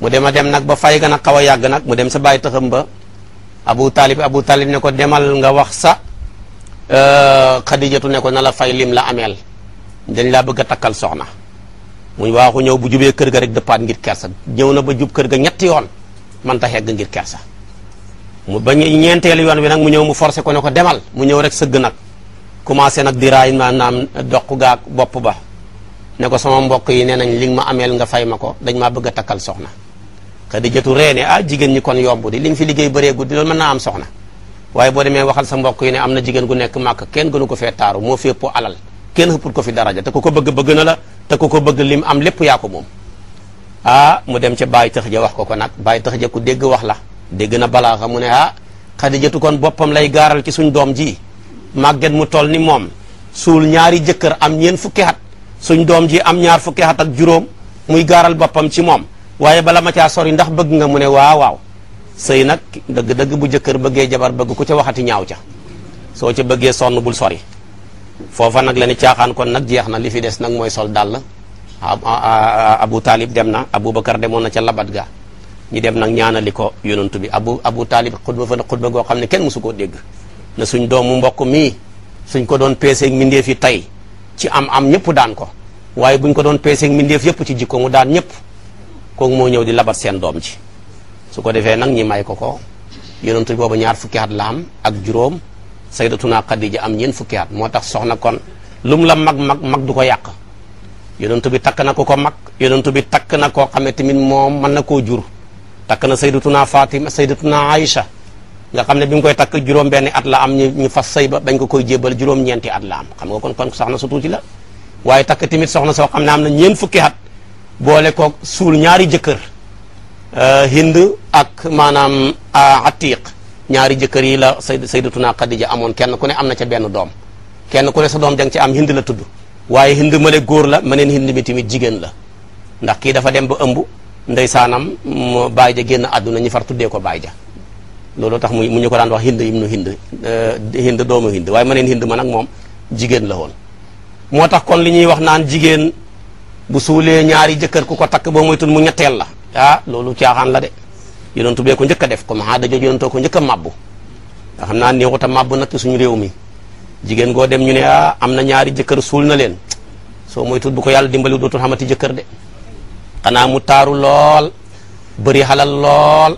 mu dem a dem nag ba fay ga nag xaw yàgg nag mu dem sa bàyyi taxam ba abu taalib abu taalib ne ko demal nga wax sa xadijatu euh, ne ko na la fay lim la ameel dañ laa bëgg a takkal soxna mu muy ko ñëw bu jubee kër ga rek dëppaat ngir kersa ñëw na ba jub kër ga ñetti yoon man ta xegg ngir kersa mu ba ñeenteelu yoon wi nag mu ñëw mu forcé ko ne ko demal mu ñëw rek sëgg nag commencé nag di raay maanaam doq gaak bopp ba ne ko sama mbokk yi nee nañ li nga ma ameel nga fay ma ko dañ maa bëgg a takkal soxna xadijatu reene ah jigéen ñi kon yomb di liñ fi liggéey bëree guddi loolu mën naa am soxna waaye boo demee waxal sa mbokk yi ne am na jigéen gu nekk màkk kenn gënu ko fee taaru moo fépp alal kenn xëppul ko fi daraja te ku ko bëgg bëgg na la te ko ko bëgg lim am lépp yaako moom ah mu dem ca bàyyi tëx ja wax ko ko nag bàyyi tëx ja ku dégg wax la dégg na balaa xam mu ne a ah xadijatu kon boppam lay gaaral ci suñ doom ji màgget mu toll ni moom suul ñaari jëkkër am ñeen fukki at suñ doom ji am ñaar fukki at ak juróom muy gaaral boppam ci moom waaye bala ma caa sori ndax bëgg nga mu ne waaw waaw sëy nag dëgg-dëgg bu jëkkër bëggee jabar bëgg ko ca waxati ñaaw ca soo ca bëggee sonn bul sori foofa nag la ni caaxaan kon nag jeex na li fi des nag mooy sol dàll abu taalib dem na abu bakar demoon na ca labat ga ñi dem nag ñaanali ko yonantu bi abu abu taalib xutba fa na xutba goo xam ne kenn su koo dégg na suñ doomu mbokk mii suñ ko doon peeseeg mbindeef yi tey ci am am ñëpp daan ko waaye buñ ko doon peeseeg mbindeef yëpp ci jikko mu daan ñëpp ko moo ñëw di labat seen doom ji su ko defee nag ñi may ko ko yonentu boobu ñaar fukki at la am ak juróom saydatuna Xadija am ñeent fukki at moo tax na kon lu mu la mag mag mag du ko yàq yonentu bi takk na ko ko mag yonentu bi takk na koo xam ne tamit moom mën na koo jur takk na say Fatima saydatuna Aïcha nga xam ne bi mu koy takk juróom benni at la am ñu fas sëy ba bañ ko koy jébbal juróom-ñeenti at la am xam nga kon kon soxna su tuuti la waaye takk tamit soxna soo xam ne am na ñeent fukki at boole ko suul ñaari jëkkër euh, hind ak maanaam euh, atiq ñaari jëkkër yi la say saydatuna Xadija amoon kenn ku ne am na ca benn doom kenn ku ne sa doom jang ci am hind la tudd waaye hind mële góor la mëneen hind mi tamit jigéen la ndax kii dafa dem ba ëmb ndeysaanam baay ja génn àdduna ñi far tuddee ko baay ja loolu tax mu ñu ko daan wax hind yim nu euh, hind doomu hind waaye ma mëneen hind ma nag moom jigéen la woon moo tax kon li ñuy wax naan jigéen bu suulee ñaari jëkkër ku ko takk boo moytul mu ñetteel la ah loolu caaxaan la de yonentu bee ko njëkk a def comme xaa dajooj yonentoo ko njëkk a màbbu xam naa néexut a màbbu nag suñu réew mi jigéen goo dem ñu ne ah am na ñaari jëkkër suul na leen soo moytul bu ko yàlla dimbali dootul xamati jëkkër de xanaa mu taaru lool bëri xalal lool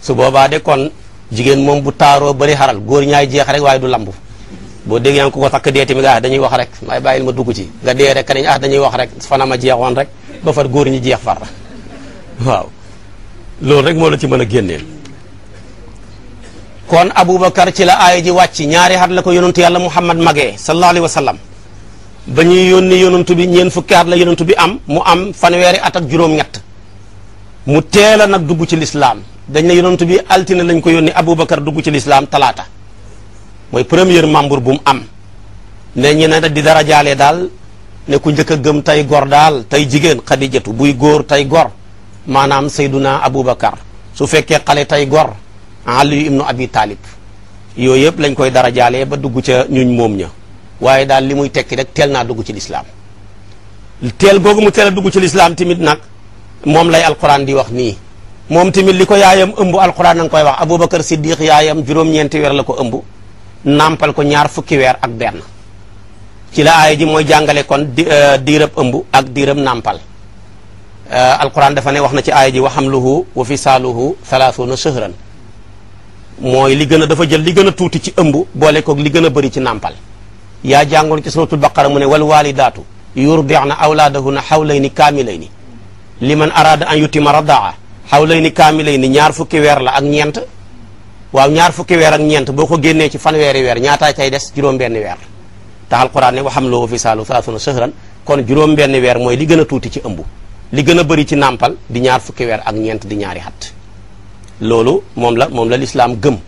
su boobaa de kon jigéen moom bu taaroo bari xaral góor ñaay jeex rek waaye du lambu boo déggee nga ku ko takk dee tamit ah dañuy wax rek may bàyyil ma dugg ci nga dee rek kanañ ah dañuy wax rek fanama jeexoon rek ba far góor ñi jeex far waaw rek moo la ci mën a génneel kon aboubacar ci la aaya ji wàcc ñaari at la ko yonantu yàlla muhammad magee sallallahu alayhi wa ba ñuy yónni yonantu bi ñeen fukki at la yonantu bi am mu am fanweeri at ak juróom-ñett mu teel a nag dugg ci lislaam dañ ne yonantu bi altine lañ ko yónni abubakar dugg ci lislaam talaata mooy premier membre bu mu am ne ñi ne di dara jaale daal ne ku njëkk a gëm tey gor daal tey jigéen xadijatu buy góor tey gor maanaam sayduna aboubacar su fekkee xale tey gor ali ibnu abi taalib yooyu yëpp lañ koy dara jaale ba dugg ca ñuñ moom ña waaye daal li muy tekki rek teel naa dugg ci lislaam teel googu mu teel a dugg ci lislaam tamit nag moom lay alquran di wax nii moom tamit li ko yaayam ëmb alquran na nga koy wax aboubacar siddiq yaayam juróom-ñeenti weer la ko ëmb nàmpal ko ñaar fukki weer ak benn ci la aaya ji mooy jàngale kon di euh, diirab ëmb ak diirab nàmpal euh, alquran dafa ne wax na ci aaya ji wa hamluhu wa fisaaluhu thalaathuuna shahran mooy li gën a dafa jël li gën a tuuti ci ëmb boole koog li gën a bari ci nàmpal yaa jàngoon ci suratul baqara mu ne wal walidaatu yurdi'na awlaadahunna hawlayni kaamilayni liman araada an yutima radaa hawlayni kaamilayni ñaar fukki weer la ak ñeent waaw ñaar fukki weer ak ñeent boo ko génnee ci fanweeri weer ñaata cay des juróom-benni weer te alquran ne wa hamluhu wa fisaaluhu salaasuuna shahran kon juróom-benni weer mooy li gën a tuuti ci ëmb li gën a bëri ci nàmpal di ñaar fukki weer ak ñeent di ñaari xat loolu moom la moom la lislaam gëm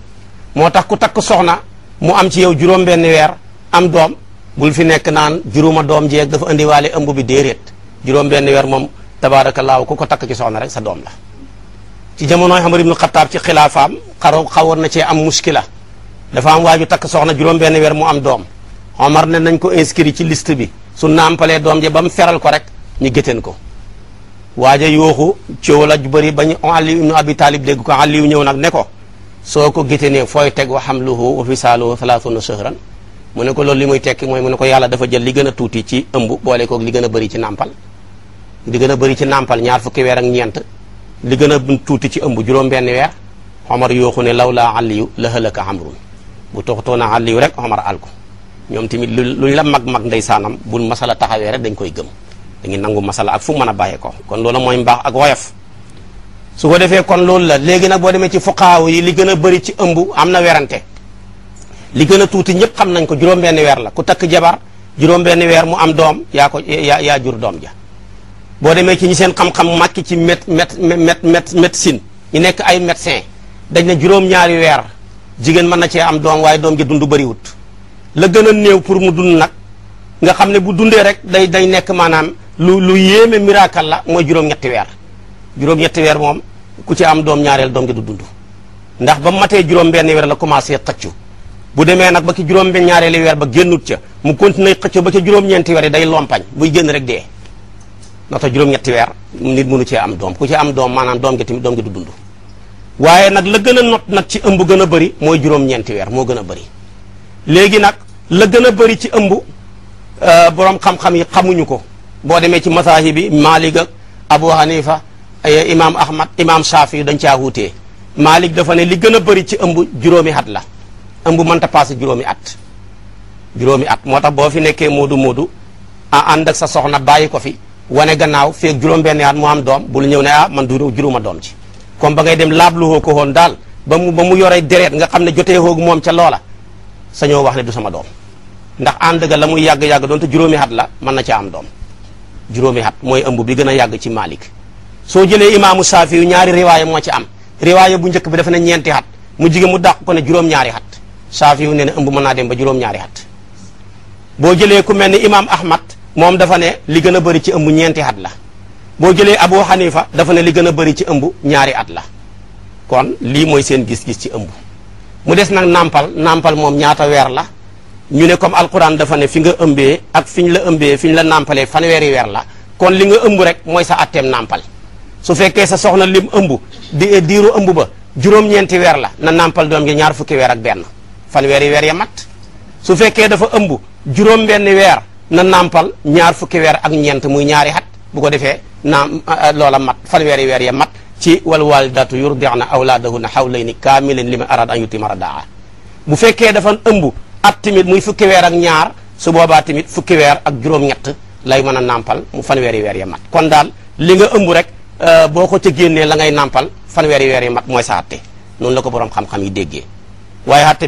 moo tax ku takk soxna mu am ci yow juróom-benni weer am doom bul fi nekk naan juróom juróoma doom jeeg dafa indiwaale ëmb bi déeréet juróom-benni weer moom tabaarakallaahu ku ko takk ci soxna rek sa doom la ci jamonoy Umar mu Xattaab ci xilaafaam xaraw xawoon na cee am muskila dafa am waaju takk soxna juróom-benn weer mu am doom Omar ne nañ ko inscrit ci list bi su nampalee doom ja ba mu feral ko rek ñu géteen ko waaja yooxu coow la ju bëri bañu Ali ibnu Abi Talib dégg ko Aliyu ñëw nag ne ko soo ko géténee fooy teg wa hamluhu wa fisaaluhu thalaathuuna shahran mu ne ko loolu li muy tekki mooy mu ne ko yàlla dafa jël li gën a tuuti ci ëmb boole koog li gën a bëri ci nàmpal li gën a bëri ci nàmpal ñaar fukki weer ak ñeent li gën a tuuti ci ëmb juróom-benn weer Omar yooxu ne law la àlliyu la halaka amrun bu toxutoon a àlliyu rek Omar alko ñoom tamit lu la mag-mag ndeysaanam bul masala taxawee rek dañ koy gëm dañuy nangu masala ak fu mën a bàyyee ko kon loolu mooy mbaax ak woyof su ko defee kon loolu la léegi nag boo demee ci fuqaaw yi li gën a bëri ci ëmb am na werante li gën a tuuti ñëpp xam nañ ko juróom-benn weer la ku takk jabar juróom benni weer mu am yaa ko yaa yaa jur doom ja boo demee ci ñi seen xam-xam màcc ci mét mét mét mét médecine ñu nekk ay médecin dañ ne juróom-ñaari weer jigéen mën na cee am doom waaye doom ji dund bëriwut la gën a néew pour mu dund nag nga xam ne bu dundee rek day day nekk maanaam lu lu yéeme miracle la mooy juróom-ñetti weer juróom-ñetti weer moom ku ci am doom ñaareel doom ji du dund ndax ba matee juróom benn weer la commencé xëccu bu demee nag ba ki juróom benn ñaareeli weer ba génnut ca mu continué xëccu ba ca weer day lompañ buy génn rek dee ndax te juróom-ñetti weer nit mënu cee am doom ku ci am doom maanaam doom gi tamit doom gi du dund waaye nag la gën a not nag ci ëmb gën a bëri mooy juróom-ñeenti weer moo gën a bëri léegi nag la gën a bëri ci ëmb euh, borom xam yi xamuñu ko boo demee ci masaahi bi Malik ak Abu Hanifa imaam Ahmad imaam Shafi dañ caa wuutee Malik dafa ne li gën a bëri ci ëmb juróomi at la ëmb mënta passé juróomi at juróomi at moo tax boo fi nekkee moodu moodu a ànd ak sa soxna bàyyi ko fi wane gannaaw feeg juróom-benn at mu am doom bul ñëw ne ah man du juróoma doom ci comme ba ngay dem laabluwoo ko woon daal ba mu ba mu yore deret nga xam ne jotee hoog moom ca loola sañoo wax ne du sama doom ndax ànd ga la muy yàgg-yàgg doom te juróomi at la mën na caa am doom juróomi at mooy ëmb bi gën a yàgg ci Malik soo jëlee imaamu Saafi yu ñaari riwaaya moo ci am riwaaya bu njëkk bi dafa ne ñeenti at mu jige mu dàq ko ne juróom-ñaari at Saafi yu ne ëmb mën naa dem ba juróom-ñaari at boo jëlee ku mel ni imaam Ahmad moom dafa ne li gën a bari ci ëmb ñeenti at la boo jëlee Abu Hanifa dafa ne li gën a bari ci ëmb ñaari at la kon lii mooy seen gis-gis ci ëmb mu des nag nàmpal nàmpal moom ñaata weer la ñu ne comme alquran dafa ne fi nga ëmbee ak fi ñu la ëmbee fi ñu la nàmpalee fanweeri weer la kon li nga ëmb rek mooy sa atteem nàmpal su fekkee sa soxna lim ëmb di diiru ëmb ba juróom-ñeenti weer la na nàmpal doom gi ñaar fukki weer ak benn fanweeri weer ya mat su fekkee dafa ëmb juróom weer na nàmpal ñaar fukki weer ak ñeent muy ñaari xat bu ko defee naam euh, loola mat fanweeri weer ya mat ci wal walidatu yurdi'na awlaadahunna hawlayni kaamilayn liman arada an yutimma daa bu fekkee dafa ëmb at tamit muy fukki weer ak ñaar su boobaa tamit fukki weer ak juróom-ñett lay mën a nàmpal mu fanweeri weer ya mat kon daal li nga ëmb rek euh, boo ko ca génnee la ngay nàmpal fanweeri weer ya mat mooy sa àtte noonu la ko borom xam-xam yi déggee waaye àtte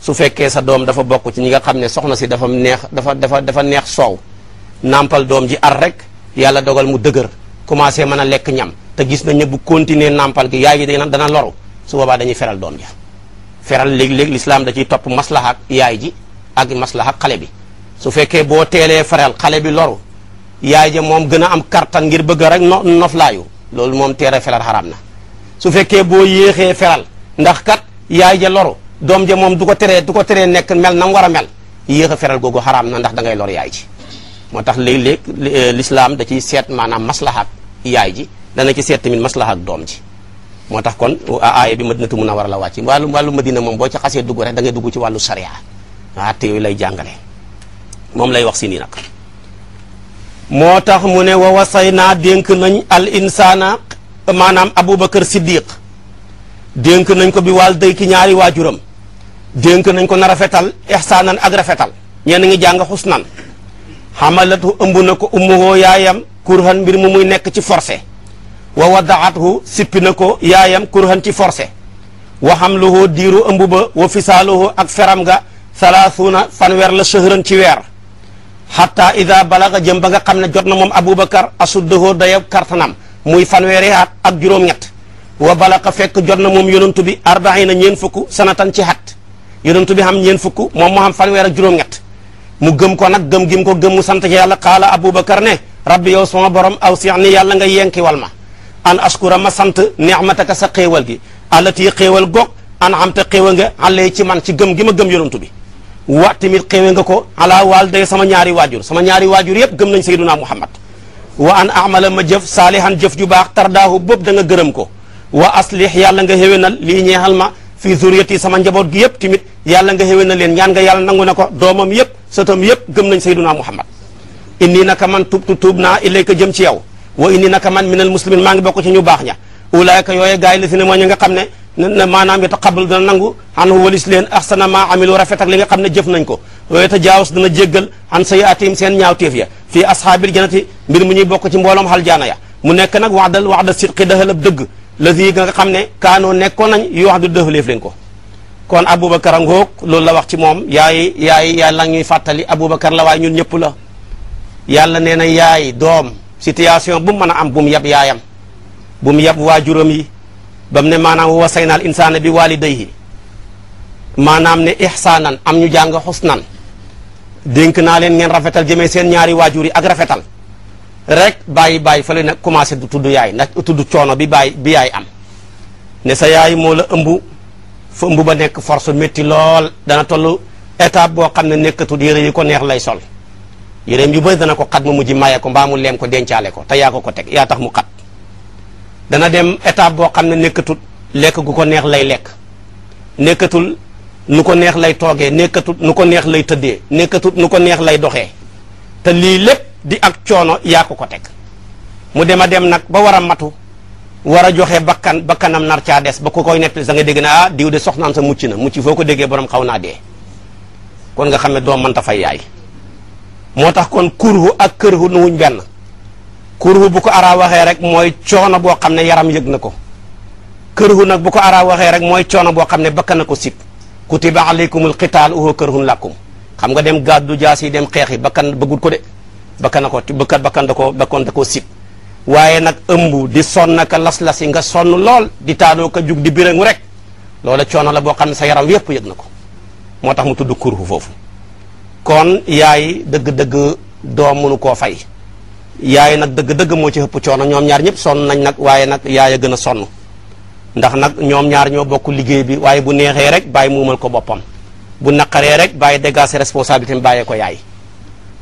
su fekkee sa doom dafa bokk ci ñi nga xam ne soxna si dafa neex dafa dafa dafa neex soow nàmpal doom ji ar rek yàlla dogal mu dëgër commencé mën a lekk ñam te gis nañ ne bu continuer nàmpal gi yaay ji dana dana loru su boobaa dañuy feral doom ji feral léegi-léegi lislaam da ciy topp maslaha ak yaay ji ak maslaha xale bi su fekkee boo teelee feral xale bi loru yaay ja moom gën a am kartan ngir bëgg rek no noflaayu loolu moom teere feral xaraam na su fekkee boo yéexee feral ndax kat yaay ja loru doom ja moom du ko teree du ko teree nekk mel na mu war a mel yéex a feral googu xaraam na ndax da ngay lor yaay ji moo tax léeg-léeg euh, lislaam da ciy seet maanaam maslahaak yaay ji dana ci seet tamit maslahaak doom ji moo tax kon aaya bi madinatu mun a war a la wàcc wàllu wàllu madina moom boo ci xasee dugg rek da ngay dugg ci wàllu sariya ah, atte yooyu lay jàngale moom lay wax si nii nag moo tax mu ne wa wasay naa dénk nañ al insaana maanaam abubakar siddiq dénk nañ ko bi wàll day ñaari waajuram dénk nañ ko na rafetal ihsaanan ak rafetal a ngi jàng xusnan xamalatu ëmb na ko ummuhu yaayam kurhan mbir mu muy nekk ci forcé wa wadaathu sippi na ko yaayam kurhan ci forcé wa hamluhu diiru ëmb ba wa fisaaluhu ak feram ga salaasuuna fanweer la sëhran ci weer xatta ida balaga jëm ba nga xam ne jot na moom aboubacar asuddahu dayab kartanam muy fanweeri at ak juróom-ñett wa balaga fekk jot na moom yonantu bi arbaina ñeen fukk sanatan ci xat yenoon bi xam ñeen fukk moom moo xam fanweer ak juróom-ñett mu gëm ko nag gëm gim ko gëm mu sant ci yàlla xaala aboubacar ne rabbi yow sama borom aw seex ni yàlla nga yenkiwal ma an ashkura ma sant ka sa xéewal gi allati xéewal goog an xam te xéewal nga allee ci man ci gëm gi ma gëm yonentu bi wa tamit xéewal nga ko ala waalday sama ñaari waajur sama ñaari waajur yëpp gëm nañ sayduna muhammad wa an amala ma jëf saalihan jëf ju baax tardaahu boobu da nga gërëm ko wa nga xéwénal lii ñeexal fii zuriyati sama njaboot gi yëpp tamit yàlla nga xéwé na leen ñaan nga yàlla nangu na ko doomam yëpp sëtam yëpp gëm nañ sayduna muhammad inni naka man tubtu tuub naa ilayka jëm ci yow wa inni naka man minal muslimin maa ngi bokk ci ñu baax ña ulaayka yooye gars yi la si ne mooy ñi nga xam ne na maanaam yota xabal dana nangu an walis leen ahsana ma amilu rafet ak li nga xam ne jëf nañ ko yooye ta jaawus dana jéggal an sayaatiim seen ñaaw téef ya fii ashaabil janati mbir mu ñuy bokk ci mbooloom xal jaana ya mu nekk nag wax dal wax da sidqi dëxalab dëgg lasi yi nga xam ne kaanoo nekkoon nañ yu wax du dëfaleef leen ko kon aboubacar ngoog loolu la wax ci moom yaay yaay yàlla ñuy fàttali aboubacar la waaye ñun ñëpp la yàlla nee na yaay doom situation bu mu mën a am bu yab yaayam bu mu yab waajuram yi ba mu ne maanaam wa wasaynaal insaana bi waalidayhi maanaam ne ihsaanan am ñu jàng xusnan dénk naa leen ngeen rafetal jëmee seen ñaari waajur yi ak rafetal rek bàyyi bàyyi fële nag commencé du tudd yaay ndax tudd coono bi bàyyi bi yaay am ne sa yaay moo la ëmbu fa ëmb ba nekk force métti lool dana toll étape boo xam ne nekkatul yére yi ko neex lay sol yéréem yu ba dana ko xat mu mujj maye ko mbaa mu leem ko dencaale ko te yaa ko ko teg yaa tax mu xat dana dem étape boo xam ne nekkatul lekk gu ko neex lay lekk nekkatul nu ko neex lay toogee nekkatul nu ko neex lay tëddee nekkatul nu ko neex lay doxee te lii lépp di ak coono yaa ko ko teg mu dem a dem nag ba war a matu war a joxe bakkan bakkanam nar caa des ba ko koy nettali sa nga dégg na ah diw de soxnaam sa mucc na mucc foo ko déggee borom xaw naa dee kon nga xam ne doom mënta fay yaay moo tax kon kurhu ak kërhu nuwuñ benn kurhu bu ko araa waxee rek mooy coono boo xam ne yaram yëg na ko kër kërhu nag bu ko araa waxee rek mooy coono boo xam ne bakkan na ko sib kutiba alaykumul kër uhu kërhun lakum xam nga dem gàddu jaas yi dem xeex yi bakkan bëggut ko de bakkan na ko bakkan bakkan da ko bakkoon koo sib waaye nag ëmb di sonn ka las lasi nga sonn lool di taadoo ko jug di biréngu rek loola coono la boo xam ne sa yaram yépp yëg na ko moo tax mu tudd kurhu foofu kon yaay dëgg-dëgg doom mënu koo fay yaay nag dëgg-dëgg moo ci ëpp coono ñoom ñaar ñëpp sonn nañ nag waaye nag yaay a gën a sonn ndax nag ñoom ñaar ñoo bokk liggéey bi waaye bu neexee rek bàyyi muumal ko boppam bu naqaree rek bàyyi dégager responsabilité mi bàyyee ko yaay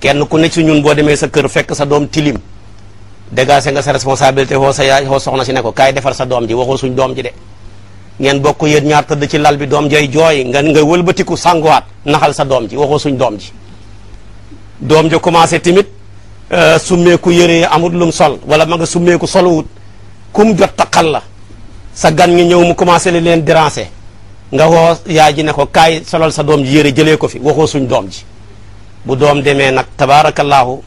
kenn ku ne ci ñun boo demee sa kër fekk sa doom tilim dégagé nga sa responsabilité xoo sa yaay xoo soxna si ne ko kaay defar sa doom ji waxoo suñ doom ji de ngeen bokk yéen ñaar tëdd ci lal bi doom jay jooy nga nga wëlbatiku sanguwaat naxal sa doom ji waxoo suñ doom ji doom ja commencé tamit euh, summeeku yëree amut lum sol wala ma nga summeeku soluwut kum jot taqal la sa gan ngi ñëw mu commencé li leen déranger nga woo yaay ji ne ko kaay solal sa doom ji yëre jëlee ko fi waxoo suñ doom ji bu doom demee nag tabaarakallaahu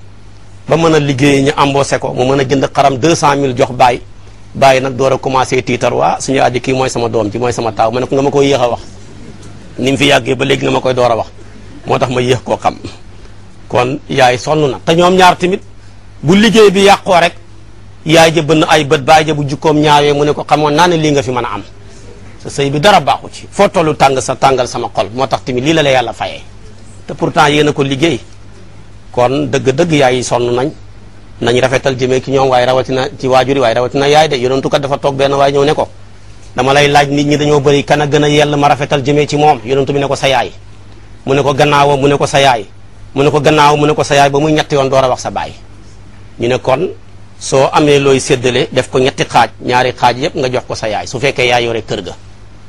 ba mën a liggéey ñu embauché ko mu mën a jënd xaram 200000 jox baay baay nag door a commencé tiitar waa suñu aji kii mooy sama doom ji mooy sama taaw ma ne ko nga ma koy a wax ni mu fi yàggee ba léegi nga ma koy door wax moo tax ma yéex koo xam kon yaay sonn na te ñoom ñaar tamit bu liggéey bi yàqoo rek yaay ja bënn ay bët baay bu jukkoom ñaawee mu ne ko xamoon naa ne lii nga fi mën a am sa bi dara baaxu ci foo tàng sa tàngal sama xol moo tax tamit lii la la yàlla fayee te pourtant yéen a ko liggéey kon dëgg-dëgg yaay yi sonn nañ nañ rafetal jëmee ki ñoom waaye rawatina ci waajur yi waaye rawatina yaay de yonentu kat dafa toog benn waay ñëw ne ko dama lay laaj nit ñi dañoo bëri kan a gën a yell ma rafetal jëmee ci moom yonentu bi ne ko sa yaay mu ne ko gannaawa mu ne ko sa yaay mu ne ko gannaaw mu ne ko sa yaay ba muy ñetti yoon door a wax sa baay ñu ne kon soo amee looy séddale def ko ñetti xaaj ñaari xaaj yépp nga jox ko sa yaay su fekkee yaay yore kër ga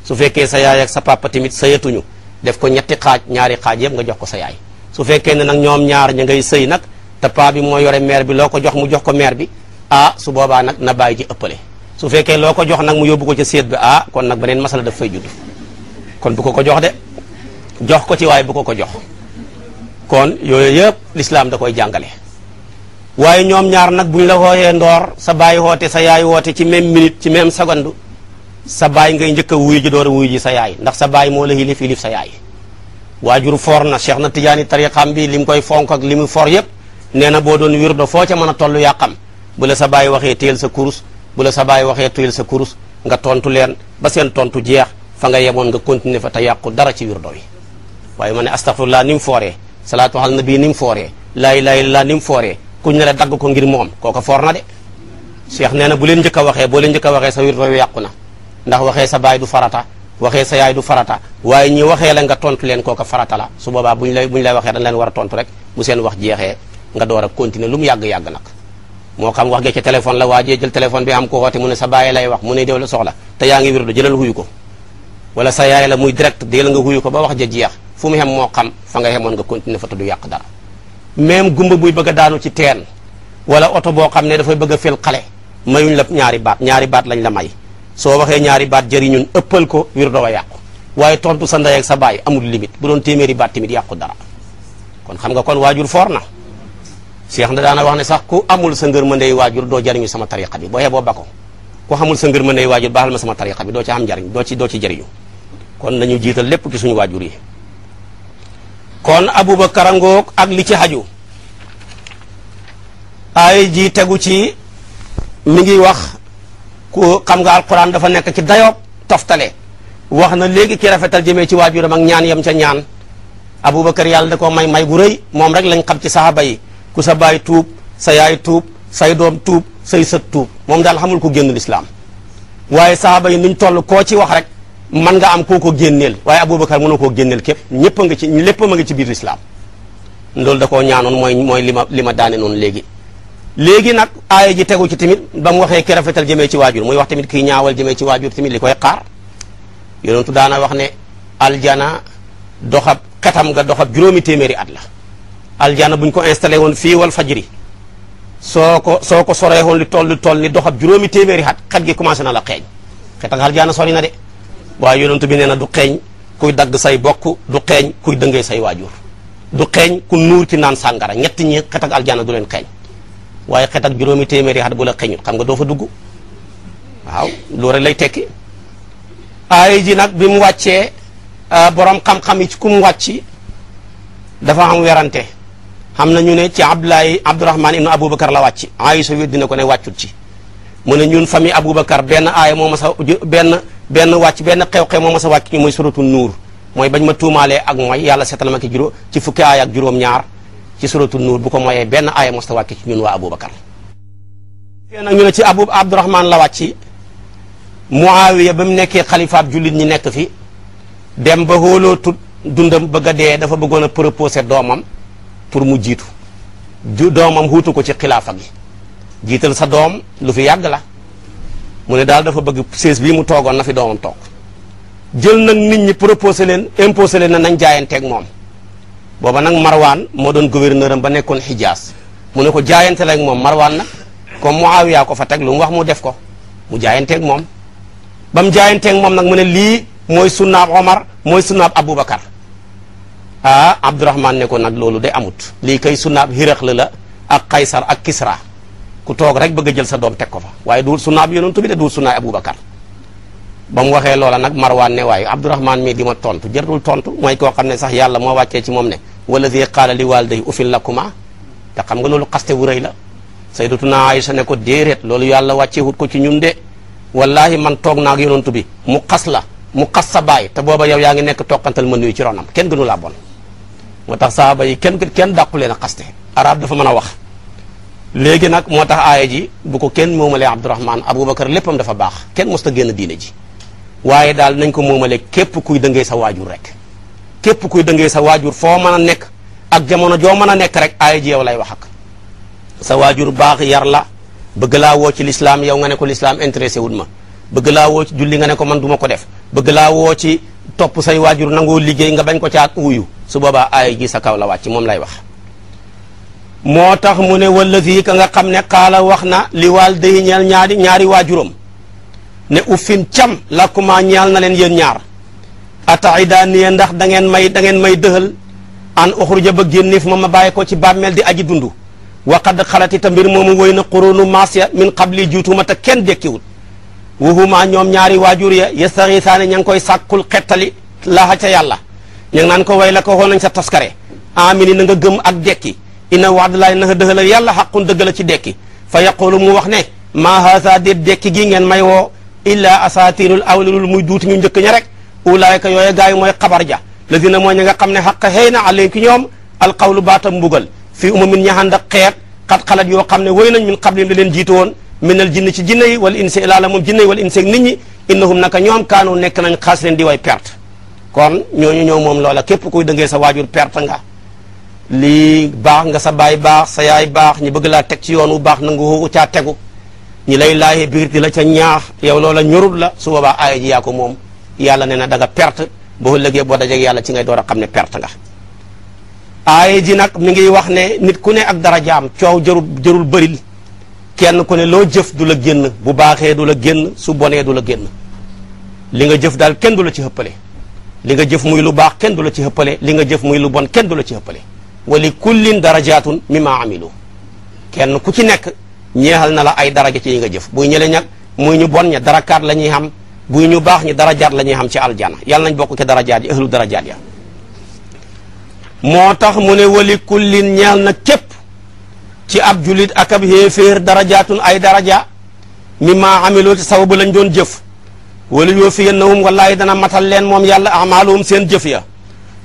su fekkee sa yaay sa papa tamit def ko ñetti xaaj ñaari xaaj yëpp nga jox ko sa yaay su fekkee ne nag ñoom ñaar ña ngay sëy nag te bi moo yore mère bi loo ko jox mu jox ko mère bi ah su boobaa nag na bàyyi ci ëppale su fekkee loo ko jox nag mu yóbbu ko ca seet bi ah kon nag beneen masala daf fay judd kon bu ko ko jox de jox ko ci waaye bu ko ko jox kon yooyu yëpp lislaam da koy jàngale waaye ñoom ñaar nag buñ la wooyee ndoor sa baay woote sa yaay woote ci même minute ci même seconde sa baay ngay njëkk a wuyu ji door a wuyu ji sa yaay ndax sa baay moo la yilif yilif sa yaay waajur foor na Cheikh na Tijaani tariqam bi li mu koy fonk ak li mu for yëpp nee na boo doon wirdo foo ca mën a tollu yàqam bu la sa baay waxee téyel sa kurus bu la sa baay waxee téyel sa kurus nga tontu leen ba seen tontu jeex fa nga yemoon nga continuer fa te yàqu dara ci wirdo yi waaye ma ne astaghfirullah ni mu fooree salaatu ala nabi ni mu fooree laa ilaaha illallaah ni mu fooree kuñ ne la dagg ko ngir moom kooko foor na de Cheikh nee na bu leen njëkk a waxee boo waxee sa wirdo yàqu na ndax waxee sa baay du farata waxee sa yaay du farata waaye ñi waxee lañ nga tontu leen koo kooka farata la su boobaa buñ lay buñ lay waxee dañ leen war a tontu rek bu seen wax jeexee nga door a lu mu yàgg-yàgg nag moo xam wax ge ci téléphone la waajee jël téléphone bi am ko xoote mu ne sa baay lay wax mu ne dew la soxla te yaa ngi wirdu jëlal huyu ko wala sa yaay la muy direct deel nga huyu ko ba wax ja jeex fu mu moo xam fa nga xemoon nga continuer fa te yàq dara même gumba buy bëgg a ci teen wala oto boo xam ne dafay bëgg a fel xale mayuñ la ñaari baat ñaari baat lañ la may soo waxee ñaari baat jëriñun ëppal ko wirdo wa yàqu waaye tontu sa ndey sa baay amul limit bu doon téeméeri baat tamit yàqu dara kon xam nga kon waajur foor na seex na daana wax ne sax ku amul sa ngërmandey waajur doo jariñu sama tariqa bi boo yeboo ba ko ku xamul sa ngërmandey waajur baaxal ma sama tariqa bi doo ci am njariñ doo ci doo ci jariñu kon nañu jiital lépp ci suñu waajur yi kon abubakar angoog ak li ci xaju ay ji tegu ci mi ngi wax ku xam nga alquran dafa nekk ci dayoo toftale wax na léegi ki rafetal jëmee ci waajuram ak ñaan yam ca ñaan aboubacar yàlla da koo may may gu rëy moom rek lañ xam ci saxaaba yi ku sa baay tuub sa yaay tuub say doom tuub say sët tuub moom daal xamul ko génn lislaam waaye saxaaba yi nuñ toll koo ci wax rek mën nga am koo ko génneel waaye aboubacar mënoo koo génneel képp ñëpp a nga ci lépp ma nga ci biir lislaam loolu da koo ñaanoon mooy mooy li ma li ma daane noonu léegi léegi nag aaya ji tegu ci tamit ba mu waxee ki rafetal jëmee ci waajur muy wax tamit ki ñaawal jëmee ci waajur tamit li koy xaar yonentu daana wax ne aljana doxab xetam ga doxab juróomi téeméeri at la aljana buñ ko installé woon fii wal fajri soo ko soo ko soree woon li toll li toll ni doxab juróomi téeméeri at xet gi commencé na la xeeñ xet ak aljana sori na de waaye yonentu bi nee na du xeeñ kuy dagg say bokk du xeeñ kuy dëngee say waajur du xeeñ ku nuur naan sàngara ñett ñi ak aljana du leen xeeñ waaye xet ak juróomi téeméeri at bu la xeñu xam nga doo fa dugg waaw loolu lay tekki aaya ji nag bi mu wàccee borom xam-xam yi ci ku mu wàcc dafa am werante xam nañu ne ci Abdoulaye Abdourahman ibnu Aboubacar la wàcc Aïsa weddi na ko ne wàccut ci mu ne ñun famille Aboubacar benn aaya moo ma sa benn benn wàcc benn xew-xew moo ma sa wàcc ñu mooy suratu nuur mooy bañ ma tuumaalee ak mooy yàlla seetal ma ki juróom ci fukki aaya ak juróom-ñaar ci suratul nuur bu ko mooyee benn aaya mosta wàcc ci ñun waa Aboubacar. fii nag ñu ne ci abu Abdourahman la wàcc Muawiya ba mu nekkee xalifaab jullit ñi nekk fi dem ba hóolootu dundam bëgg a dafa bëggoon a doomam pour mu jiitu doomam xuutu ko ci xilaafa gi jiital sa doom lu fi yàgg la mu ne daal dafa bëgg sées bii mu toogoon na fi doomam toog jël nag nit ñi proposé leen imposé leen na nañ jaayanteeg moom booba nag Marwan moo doon gouverneur am ba nekkoon Xijaas mu ne ko jaayante la moom Marwan nag comme Muawiya ko fa teg lu mu wax mu def ko mu jaayanteeg moom ba mu jaayanteeg moom nag mu ne lii mooy sunnaab Omar mooy sunnaab Aboubacar ah Abdourahman ne ko nag loolu de amut lii kay sunnaab Hiraqla la ak Qaysar ak Kisra ku toog rek bëgg a jël sa doom teg ko fa waaye duul sunnaab yonent bi de duul sunnaab Aboubacar ba mu waxee loola nag Marwan ne waaye Abdourahman mii di ma tontu jërtul tontu mooy koo xam ne sax yàlla moo wàccee ci moom ne walladi qaala li waaliday ufil lakuma te xam nga loolu xaste wu rëy la sayyidatuna na ne ko déeréet loolu yàlla wàcceewut ko ci ñun de wallahi man toog naag yonantu bi mu xas la mu kas sa baay te booba yow yaa ngi nekk toqantal ma nuyu ci ronam kenn nu laa bon moo tax saaba yi kenn kenn dàqu leen a xaste arab dafa mën a wax léegi nag moo tax aaya ji bu ko kenn moomalee Abdourahman Aboubacar léppam dafa baax kenn mos ta génn diine ji waaye daal nañ ko moomale képp kuy dëngee sa waajur rek képp kuy dëngee sa waajur foo mën a nekk ak jamono joo mën a nekk rek aaya ji lay wax ak sa waajur baax yar la bëgg laa woo ci lislaam yow nga ne ko lislaam intéressé wut ma bëgg laa woo ci julli nga ne ko man ko def bëgg laa woo ci topp say waajur nangoo liggéey nga bañ ko caat wuyu su boobaa aaya ji sa kaw la wàcc moom lay wax moo tax mu ne wallazi ka nga xam ne kaala wax na li waal day ñeel ñaari ñaari waajuram ne uffin cam lakkuma ñaal na leen yéen ñaar ataidaaniya ndax da ngeen may da ngeen may dëhal an uxruja ba génneef ma ma bàyyi ko ci bàmmeel di aji dund wa qad xalat ta mbir moomu woy na qurunu maasya min qabli juutuma te kenn dekkiwul wuhuma ñoom ñaari waajur ya yastaxiisaane ña ngi koy sàkkul xettali laaxa ca yàlla ña naan ko way la ko xoonañ sa taskare amini na nga gëm ak dekki inna waadalaay na nga dëhalal yàlla xaqun dëgg la ci dekki fa yaqulu mu wax ne ma haasa déet dekki gi ngeen may woo illaa asatirul awlilul muy duuti ñu njëkk ña rek ulaayka yooye gaa yi mooy xabar ja lazina mooy ñi nga xam ne xaq xëy na alayhim ki ñoom alqawlu baata mbugal fii umamin ñaxanda xeet xat xalat yoo xam ne woy nañ min xablim li leen jiitu woon minal jinni ci jinne yi wala insi ilaa la moom jinne yi wala insi ak nit ñi innahum naka ñoom kaanu nekk nañ xaas leen di way perte kon ñooñu ñëw moom loola képp kuy dëngee sa waajur perte nga lii baax nga sa baay baax sa yaay baax ñi bëgg laa teg ci yoon wu baax nangu caa tegu ñi lay laaye biir di la ca ñaax yow loola ñorul la su boobaa aaya ji yaa ko moom yàlla ne na da nga perte boo ëllëgee boo dajee yàlla ci ngay door a xam ne perte nga aaya ji nag mi ngi wax ne nit ku ne ak darajaam coow jërul jërul bëril kenn ku ne loo jëf du la génn bu baaxee du la génn su bonee du la génn li nga jëf daal kenn du la ci hëppale li nga jëf muy lu baax kenn du la ci hëppale li nga jëf muy lu bon kenn du la ci hëppale wa li kullin darajaatun mimma amilu kenn ku ci nekk ñeexal na la ay daraja ci yi nga jëf buy ñële ñag muy ñu bon ña darakaat la ñuy xam bu ñu baax ñi darajaat la ñuy xam ci aljana yàlla nañ bokku ci darajaat yi ahlu ya moo tax mu ne wali kullin ñeel na képp ci ab julit ak ab xéeféer darajaatun ay daraja mi maa amiloo ci sababu lañ doon jëf wala yoo fi yennahum wallaahi dana matal leen moom yàlla amaaluhum seen jëf ya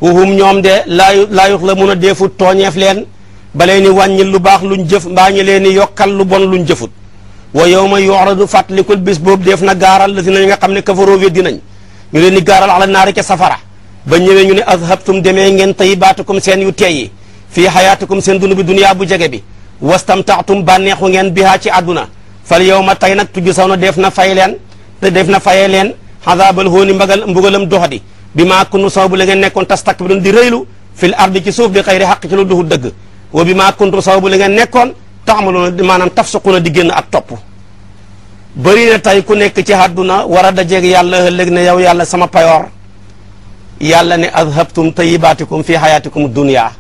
wuhum ñoom de laayu la mun a deefut tooñeef leen balee ni wàññil lu baax lu jëf mbaa ñi leen ni yokkal lu bon luñ jëfut wa yawma yu'radu fàttalikul bis boobu def na gaaral la si nañ nga xam ne kafaroo weddi nañ ñu leen di gaaral ala naari ca safara ba ñëwee ñu ne azhabtum demee ngeen tayyibaatukum seen yu teeyi fii hayaatikum seen dund bi duniyaa bu jege bi wastamtaatum bànneexu ngeen bihaa ci àdduna fal yawma tey nag tujj saw na def na fay leen te def na fayee leen xazaabal hóoni mbagal mbugalam doxadi bi maa kuntu saw bu la ngeen nekkoon tastakbiruun di rëylu fil ardi ci suuf bi xayri xaq ci lu duxul dëgg wa bi maa kuntu saw bu la ngeen nekkoon taxamaloon maanaam tafsuquuna di génn topp bëri na tey ku nekk ci àdduna war a dajeeg yàlla ëllëg na yow yàlla sama payoor yàlla ne adhabtum tayibaatikum fi hayatikum dunya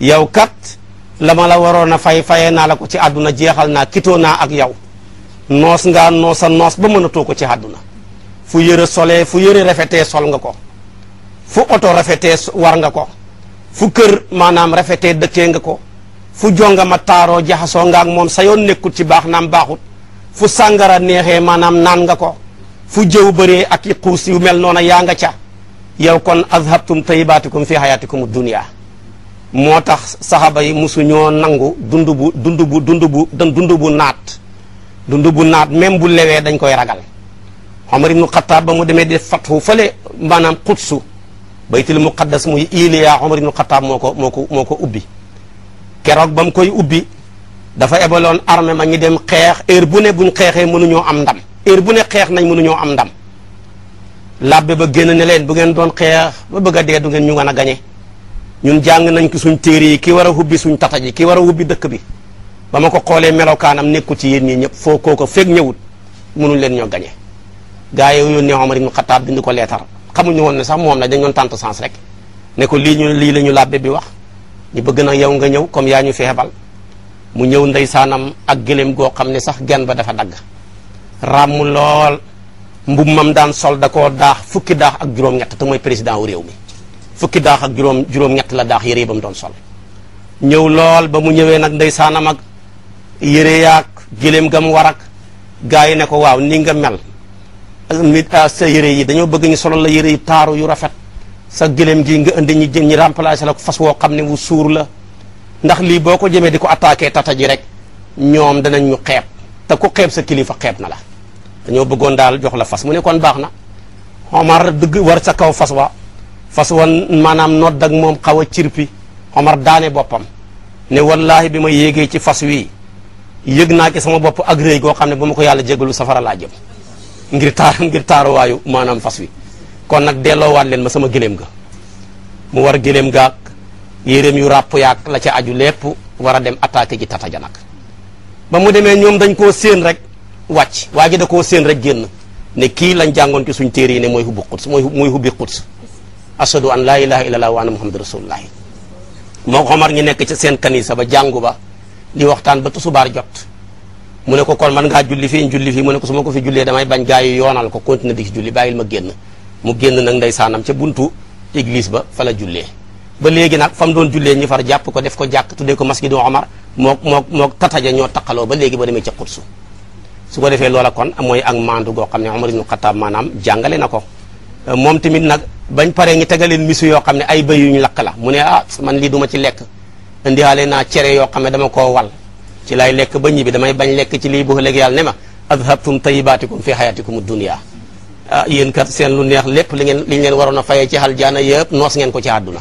yow kat la ma la waroon a fay fayee naa la ko ci àdduna jeexal naa kitoo naa ak yow noos nga noosa noos ba mënatoo ko ci àdduna fu yëre solee fu yëre rafetee sol nga ko fu oto rafetee war nga ko fu kër maanaam rafetee dëkkee nga ko fu jonga ma taaroo jaxasoo nga ak moom sa yoon nekkut ci baax naam baaxut fu sàngara neexee maanaam naan nga ko fu jëw bëree ak i xuus yu mel noona yaa nga ca yow kon azhabtum tayibaatikum fi ko dunia moo tax saxaaba yi musuñoo nangu dund bu dund bu dund bu dund bu naat dund bu naat même bu lewee dañ koy ragal Omar ibnu Xataab ba mu demee di fathu fële maanaam xutsu baytul muqaddas muy Iliya Omar ibnu Xataab moo ko moo ko moo ko ubbi keroog ba mu koy ubbi dafa ebaloon armée ma ñu dem xeex heure bu ne buñ xeexee mënuñoo am ndam heure bu ne xeex nañ mënuñoo am ndam labbe ba génn ne leen bu ngeen doon xeex ba bëgg a dee du ngeen ñu wan a gañe ñun jàng nañ ko suñ téere yi ki war a hubbi suñ tata ji ki war a hubbi dëkk bi ba ma ko xoolee melokaanam nekkul ci yéen ñi ñëpp foo koo ko feeg ñëwut mënuñ leen ñoo gañe gaa yi yónnee Omar ibn Xataab bind ko leetar xamuñu woon ne sax moom la dañ doon tànt sens rek ne ko lii ñu lii la ñu bi wax ñu bëgg nag yow nga ñëw comme yaa ñu feebal mu ñëw ndeysaanam ak gëléem goo xam ne sax genn ba dafa dagg ràmm lool mbub mam daan sol da koo daax fukki daax ak juróom-ñett te mooy président wu réew fukki daax ak juróom juróom la daax yére ba mu doon sol ñëw lool ba mu ñëwee nag ndeysaanam ak yére yaag gëléem gam war ak gaa yi ne ko waaw nii nga mel ah, sa yére yi dañoo bëgg ñu solal la yëre yi taaru yu rafet sa gëléem gi nga indi ñi jëm ñi remplacé la ko fas woo xam ne wu suur la ndax lii boo ko jemee di ko attaqué tata ji rek ñoom danañ ñu xeeb te ko xeeb sa kilifa xeeb na la dañoo bëggoon daal jox la fas mu ne kon baax na Omar dëgg war sa kaw fas wa fas wa maanaam nodd ak moom xaw a cirpi Omar daane boppam ne wallaahi bi ma yéegee ci fas wi yëg naa ki sama bopp ak goo xam ne ba ma ko yàlla jégalu safara laa jëm ngir taar ngir taaruwaayu maanaam fas wi kon nag delloowaat leen ma sama gëléem ga mu war gëléem gaag yéréem yu ràpp yaag la ca aju lépp war a dem attaqué ji tata ja nag ba mu demee ñoom dañ koo séen rek wàcc waa ji da koo séen rek génn ne kii lañ jàngoon ci suñ téere yi ne mooy hubbu quds mooy mooy hubbi quds ashadu an laa ilaha illallah wa anna muhammadu rasulullah moo xomar ñi nekk ci seen kanisa ba jàngu ba di waxtaan ba tusubaar jot mu ne ko kon man gaa julli fii julli fii mu ne ko su ma ko fi jullee damay bañ gaa yi yoonal ko continuer di ci julli bàyyil ma génn mu génn nag ndeysaanam ca buntu église ba fa ba léegi nag fa mu doon jullee ñi far jàpp ko def ko jàkk tuddee ko masjidu Omar mook mook mook tataja ñoo taqaloo ba léegi ba demee ca Qudsu su ko defee loola kon mooy ak maandu goo xam ne Omar ibnu Xataab maanaam jàngale na ko moom tamit nag bañ paree ñu tegaleen misu yoo xam ne ay bëy yuñu lakk la mu ne ah man lii duma ci lekk indiwaale naa cere yoo xam ne dama koo wal ci lay lekk ba ñibbi damay bañ lekk ci lii bu ëllëg yàlla ne ma adhabtum tayibaatikum fi hayatikum dunia ah yéen kat seen lu neex lépp li ngeen li ngeen waroon a fayee ci xal jaana yëpp noos ngeen ko ci àdduna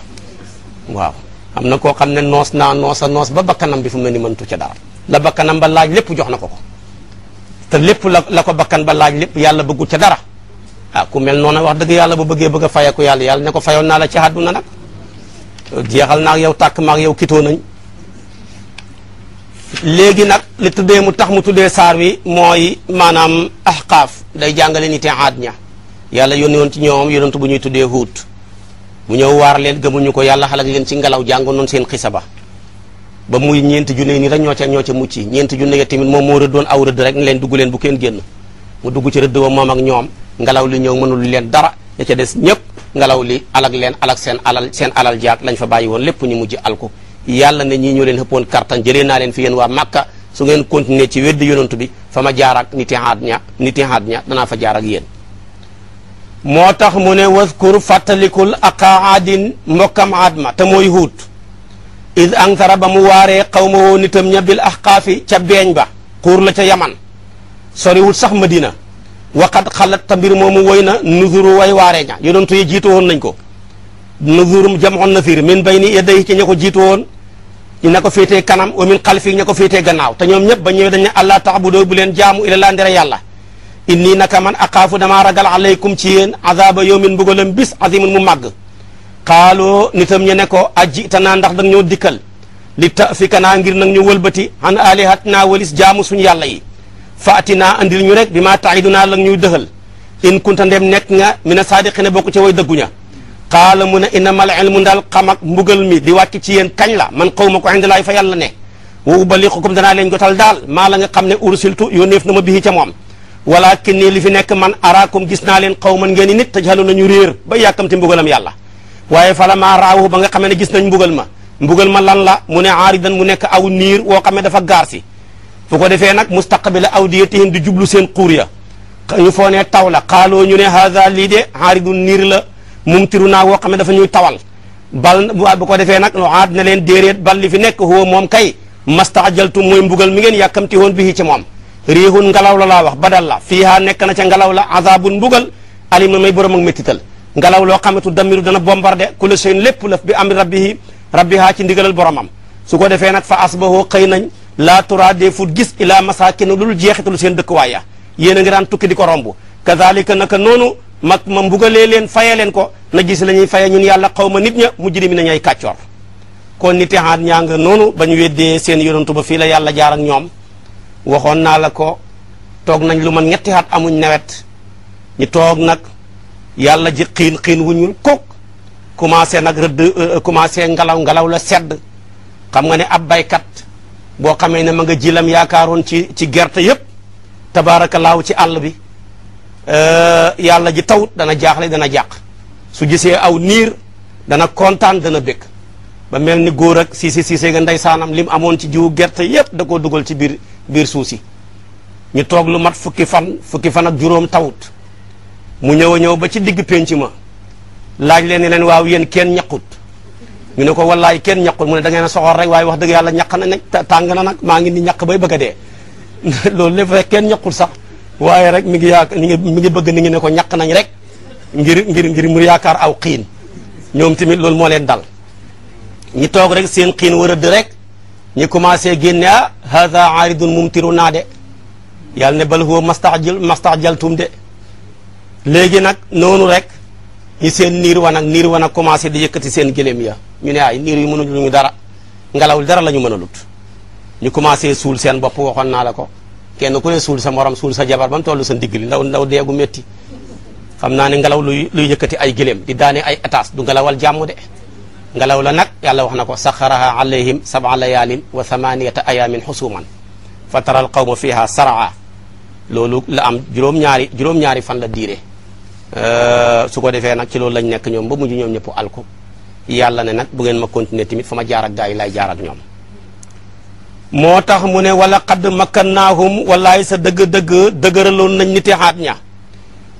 waaw am na koo xam ne noos naa noos a noos ba bakkanam bi fu mu ne ni mëntu ca dara la bakkanam ba laaj lépp jox na ko ko te lépp la la ko bakkan ba laaj lépp yàlla bëggul ca dara ah ku mel noonu wax dëgg yàlla bu bëggee bëgg a fayeku yàlla yàlla ne ko fayoon naa la ci àdduna nag jeexal naa ak yow tàkk ma ak yow kitoo nañ léegi nag li tuddee mu tax mu tuddee saar wi mooy maanaam ahqaaf day jàngale nit aad ña yàlla yónni woon ci ñoom yonent bu ñuy tuddee huut mu ñëw waar leen gëmuñu ko yàlla xalak leen ci ngelaw jàngoon noonu seen xisa ba ba muy ñeenti junne ni rek ñoo ca ñoo ca mucc ñeenti junne ya tamit moom moo rëddoon aw rëdd rek ne leen dugg leen bu keen génn mu dugg ci rëdd ba moom ak ñoom ngelaw li ñëw mënul leen dara ya des ñëpp ngelaw li alak leen alak seen alal seen alal jaag lañ fa bàyyi woon lépp ñu mujj alko yàlla ne ñii ñoo leen xëppoon kartan jëlee naa leen fi yéen waa Màkka su ngeen continuer ci weddi yonantu bi fa ma jaar ak niti haat ña niti haat danaa fa jaar ak yéen moo tax mu ne waskur fàttalikul aqa aadin mbokkam aad ma te mooy huut id ankara ba mu waare xaw ma woo nitam ña bil ahqaafi ca beeñ ba xuur la ca yaman soriwut sax madina waqat xalat ta mbir moomu woy na nuzuru way waaree ña yonent yi jiitu woon nañ ko nuzurum jamoon nazir min bayni yadayhi ci ña ko jiitu woon ñu ko féetee kanam wa min xalfi ña ko féetee gannaaw te ñoom ñëpp ba ñëwee dañ ne allah taxbudu bu leen jaamu ila laa ndere yàlla inni naka man aqaafu damaa ragal alaykum ci yéen azaba yawmin mbugalam bis azimun mu màgg xaaloo nitam ñe ne ko ajji tanaa ndax dang ñoo dikkal li ta fi kanaa ngir nag ñu wëlbati han alihatinaa walis jaamu suñu yàlla yi na andil ñu rek bi maa taidunaa lang ñuy dëxal in kunta ndem nekk nga mina saadiqina bokk ca way dëgguña xaala mu ne innamal ilmu ndaal xam ak mbugal mi di wàcc ci yéen kañ la man xaw ma ko indalaay fa yàlla ne wa ubaliqukum danaa leen jotal daal maa la nga xam ne ursiltu yónneef na ma bihi ca moom walakin nii li fi nekk man araakum gis naa leen xawman ngeen i nit tajhalu nañu réer ba yàkkamti mbugalam yàlla waaye fala maa raawu ba nga xamee ne gis nañ mbugal ma mbugal lan la mu ne aaridan mu nekk aw niir woo xam ne dafa gaar si bu ko defee nag mustaqbila awdiyatihim di jublu seen xuur ya ñu foo ne taw la xaaloo ñu ne haada lii de aaridun niir la mumtiru naa woo xam dafa ñuy tawal bal bu ko defee nag aad na leen déeréet bal li fi nekk huwa moom kay mastaajaltum mooy mbugal mi ngeen yàkkamti woon bi ci moom riihun ngelaw la laa wax badal la fiiha nekk na ca ngelaw la azabun mbugal alima may borom ak méttital ngelaw loo xamatu damiru dana bombardé ku la seen lépp laf bi am rabbihi rabbiha ci ndigalal boromam su ko defee nag fa asbahu xëy nañ laa tura dee fut gis ilaa masakina lul jeexitalu seen dëkkuwaay ya yéen a tukki di ko romb kazalika naka noonu mak ma mbugalee leen faye leen ko na gis la ñuy faye ñun yàlla xaw ma nit ña mujj mi nañay kàccoor kon niti haat ñaa nga noonu ba ñu weddee seen yonantu ba fii la yàlla jaar ak ñoom waxoon naa la ko toog nañ lu man ñetti at amuñ nawet ñu toog nag yàlla ji xiin xiin wu ñuul kook commencé nag rëdd euh, commencé ngelaw ngelaw la sedd xam nga ne ab baykat boo xamee ne ma nga jilam yaakaaroon ci ci gerte yëpp tabaarakallaahu ci àll bi euh, yàlla ji tawut dana jaaxle dana jàq su gisee aw niir dana kontaan dana békk ba mel ni góor ak siise siise ga ndeysaanam lim amoon ci jiwu gerte yëpp da koo dugal ci biir biir suuf si ñu toog lu mat fukki fan fukki fan ak juróom tawut mu ñëw a ñëw ba ci digg pénc ma laaj leen ne leen waaw yéen kenn ñaqut ñu ne ko wallaay kenn ñaqut mu ne da ngeen a soxor rek waaye wax dëgg yàlla ñaq na nag tàng na nag maa ngi ni ñaq bay bëgg a dee lool lépp rek kenn ñaqut sax waaye rek mi ngi yaa mi ngi bëgg ni ngi ne ko ñaq nañ rek ngir ngir ngir mu yaakaar aw xiin ñoom tamit lool moo leen dal ñu toog rek seen xiin war a dë rek ñi commencé génne ah haada aaridun mumtiru naa de yàlla ne bal huwa mastaxjal mastaxjaltum de léegi nag noonu rek ñi seen niir wan ak niir wan ak commencé di yëkkati seen gëléem ya ñu ne ay niir yu mu dara ngelaw dara la ñu mën a lut ñu commencé suul seen bopp waxoon naa la ko kenn ku ne suul sa morom suul sa jabar ba mu tollu sa ndigg li ndaw ndaw deegu metti xam naa ne ngelaw luy luy yëkkati ay gëléem di daane ay attaques du ngelawal jàmm de ngelaw la nag yàlla wax na ko saxaraha alayhim sab'a layaalin wa thamaniyata ayaamin xusuman fa tara al qawma fiha sara loolu la am juróom-ñaari fan la diire euh, su ko defee nag ci loolu lañ nekk ñoom ba mujj ñoom ñëpp alku yàlla na nag bu ngeen ma continuer tamit fa ma jaar ak gaa yi laay jaar ak moo tax mu ne wala xadd makkannaahum wallaay sa dëgg-dëgg dëgëraloon nañ niti xaat ña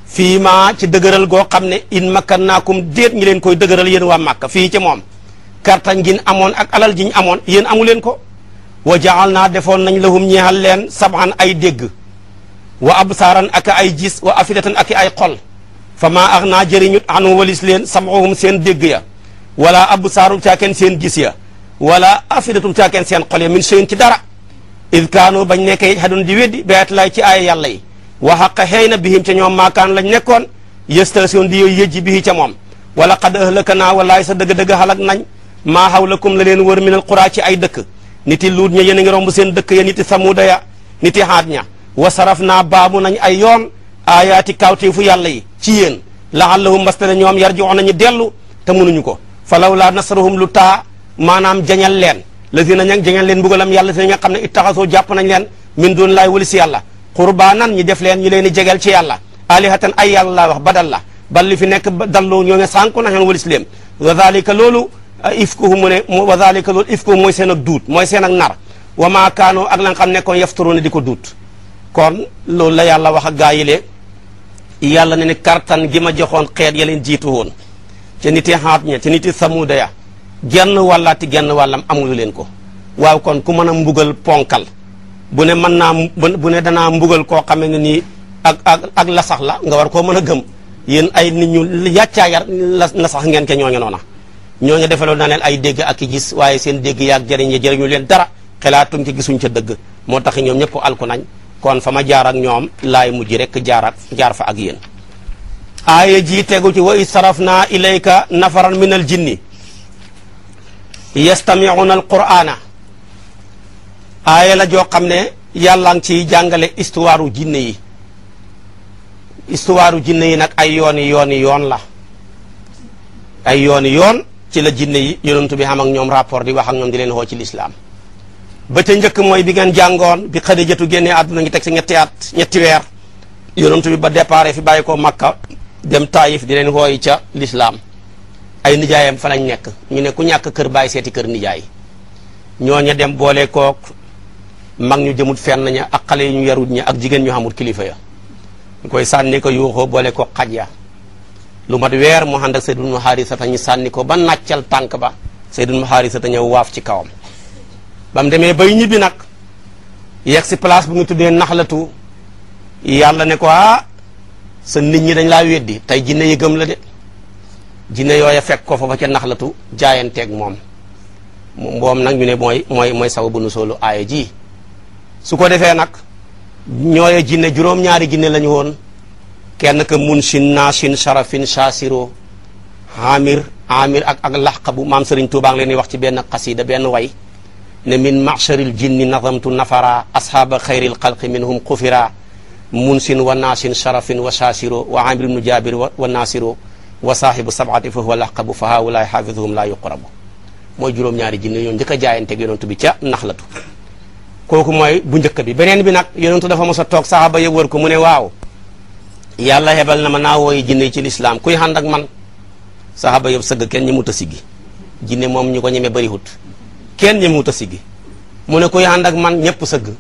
fii maa ci dëgëral goo xam ne in makkan naakum déet ñi leen koy dëgëral yéen waa Màkka fii ci moom kartan gin amoon ak alal jiñ amoon yéen amu leen ko wa jaal naa defoon nañ lahum ñeexal leen saban ay dégg wa absaaran ak ay gis wa afidatan ak ay xol fa maa ax naa jëriñut anu walis leen samxuhum seen dégg ya wala absaaru caaken seen gis ya wala afidatu caaken seen xol ya min seen ci dara id kaanu bañ nekkee xadun di weddi bayat lay ci aaya yàlla yi wa xaqa xëy na bihim ca ñoom maakaan lañ nekkoon yëstation di yëj ji bihi ca moom wala qad ahlaka naa walaay sa dëgg-dëgg xalak nañ maa hawlakum la leen wër minal ci ay dëkk nit yi luut ña yéen a romb seen dëkk ya nit yi samuuda ya nit yi xaat ña wa saraf naa baamu nañ ay yoon aayaati kawteefu yàlla yi ci yéen laallahum mbastane ñoom yarji'uun nañu dellu te mënuñu ko falaw laa nasrahum lu taa maanaam jañal leen lazina ñag jañal leen mbugalam yàlla nga xam ne ittaxasoo jàpp nañ leen min doon laay wali si yàlla qurbaanan ñi def leen ñu leen di jegel ci yàlla alihatan ay yàlla laa wax badal la bal li fi nekk dalloo ñoo ngi sànku na xeen walis leem wa dalika loolu eh, ifkuhu mu ne wa dalika mooy seen duut mooy seen ak nar wa maa kaanoo ak la nga xam ne kon yaftaruuna di ko duut kon loolu la yàlla wax ak gaa yi yàlla ne ne kartan gi ma joxoon xeet ya leen jiitu woon ca niti xaat ña ca niti samuuda ya genn wàllaati genn wàllam amulu leen ko waaw kon ku mën a mbugal ponkal bu ne mën naa bu ne danaa mbugal koo xamee ne nii ak ak la nga war koo mën a gëm yéen ay nit ñu yàccaa yar la sax ngeen ke ñooñu noona ñooñu defaloon na leen ay dégg ak i gis waaye seen dégg yaag jëriñ yi jëriñu leen dara xelaatuñ ci gisuñ ca dëgg moo tax ñoom ñëpp alku nañ kon fa ma jaar ñoom laay mujj rek jaar ak jaar fa ak yéen aaya ji tegu ci wa i sarafna ilayka nafaran min al jinni yastami'una al qur'ana aaya la joo xam ne yàlla ngi ciy jàngale histoire u jinne yi histoire u jinne yi nag ay yooni yooni yoon la ay yooni yon ci la jinne yi yonent bi xam ñoom rapport di wax ak ñoom di leen xoo ci lislaam ba ca njëkk mooy bi ngeen jàngoon bi Xadijatu génnee àdduna ngi teg si ñetti at ñetti weer yonent bi ba départ fi bàyyi ko Makka dem Taayif di leen xooyi ca lislaam ay nijaayam fa lañ nekk ñu nekk ku ñàkk kër bàyyi seeti kër nijaay ñooña dem boole mag ñu jëmut fenn ña ak xale ñu yarut ñu ak jigéen ñu xamul kilifa ya koy sànni ko yuuxoo boole ko xaj ya lu mat weer mu ànd ak Sayd ibnu Xaarisata ñu sànni ko ba nàccal tànk ba Sayd ibnu Xaarisata ñëw waaf ci kawam ba demee ba ñibbi nag yegg si place bu ñu tuddee naxlatu yàlla ne ko ah sa nit ñi dañ laa weddi tey jinne yi gëm la de jinne yooya fekk ko fa ba ca naxlatu jaayanteeg moom moom nag ñu ne mooy mooy mooy bu nu soolu aaya ji su ko defee nag ñooye jinne juróom-ñaari jinne lañu woon kenn ka mun sin naasin sarafin saasiro amir amir ak ak laxqa bu maam sëriñ Tuubaa ngi leen di wax ci benn xasida benn way ne min maxsharil jinni nazamtu nafara ashaaba xayril xalqi minhum xufira munsin wa naasin sarafin wa saasiro wa amir ibnu jaabir wa naasiro wa saahibu sabati fa huwa laxqabu fa haawulaay xaafizuhum laa yuqrabu mooy juróom-ñaari jinne yoon njëkk a jaayanteeg yonent bi ca naxlatu kooku mooy bu njëkk bi beneen bi nag yonentu dafa mos a toog saxaaba ya wër ko mu ne waaw yàlla hebal na ma naa wooyi jinne ci lislam kuy ànd man saxaaba yëpp sëgg kenn ñemewut a siggi jinne moom ñu ko ñeme bëriwut kenn ñemewut a siggi mu ne kuy ànd ak man ñëpp sëgg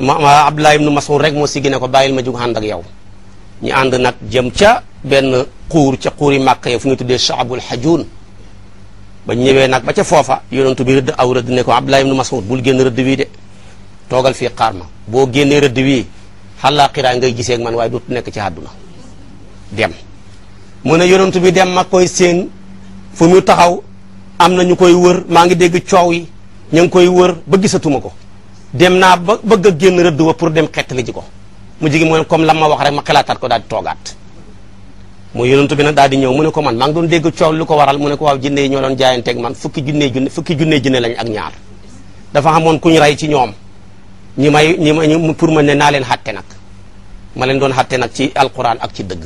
ma nu ma Mas'ud rek moo siggi ne ko bàyyil ma jug ànd ak yow ñu ànd nag jëm ca benn xuur ca xuuri màkk ya fu ñu tuddee Shaabul Hajuun ba ñëwee nag ba ca foofa yonentu bi rëdd aw rëdd ne ko Abdullah ibn Mas'ud bul génn rëdd wii de toogal fii xaar ma boo génnee rëdd wii xalaa xiraa ngay gisee ak man waaye dootu nekk ci àdduna dem mu ne yonentu bi dem ma koy séen fu mu taxaw am na ñu koy wër maa ngi dégg coow yi ñu ngi koy wër ba gisatuma ko dem naa ba bëgg a génn rëdd wa pour dem xettali ji ko mu jigi mooy comme lam ma wax rek ma xalaataat ko daal di toogaat mu yonent bi nag daal di ñëw mu ne ko man maa ngi doon dégg coow lu ko waral mu ne ko waaw jinne yi ñoo doon jaayanteeg man fukki junne junne fukki ak ñaar dafa xamoon ku ñu rey ci ñoom ñi may ñi may pour ma ne naa leen xatte nag ma leen doon xatte nag ci alquran ak ci dëgg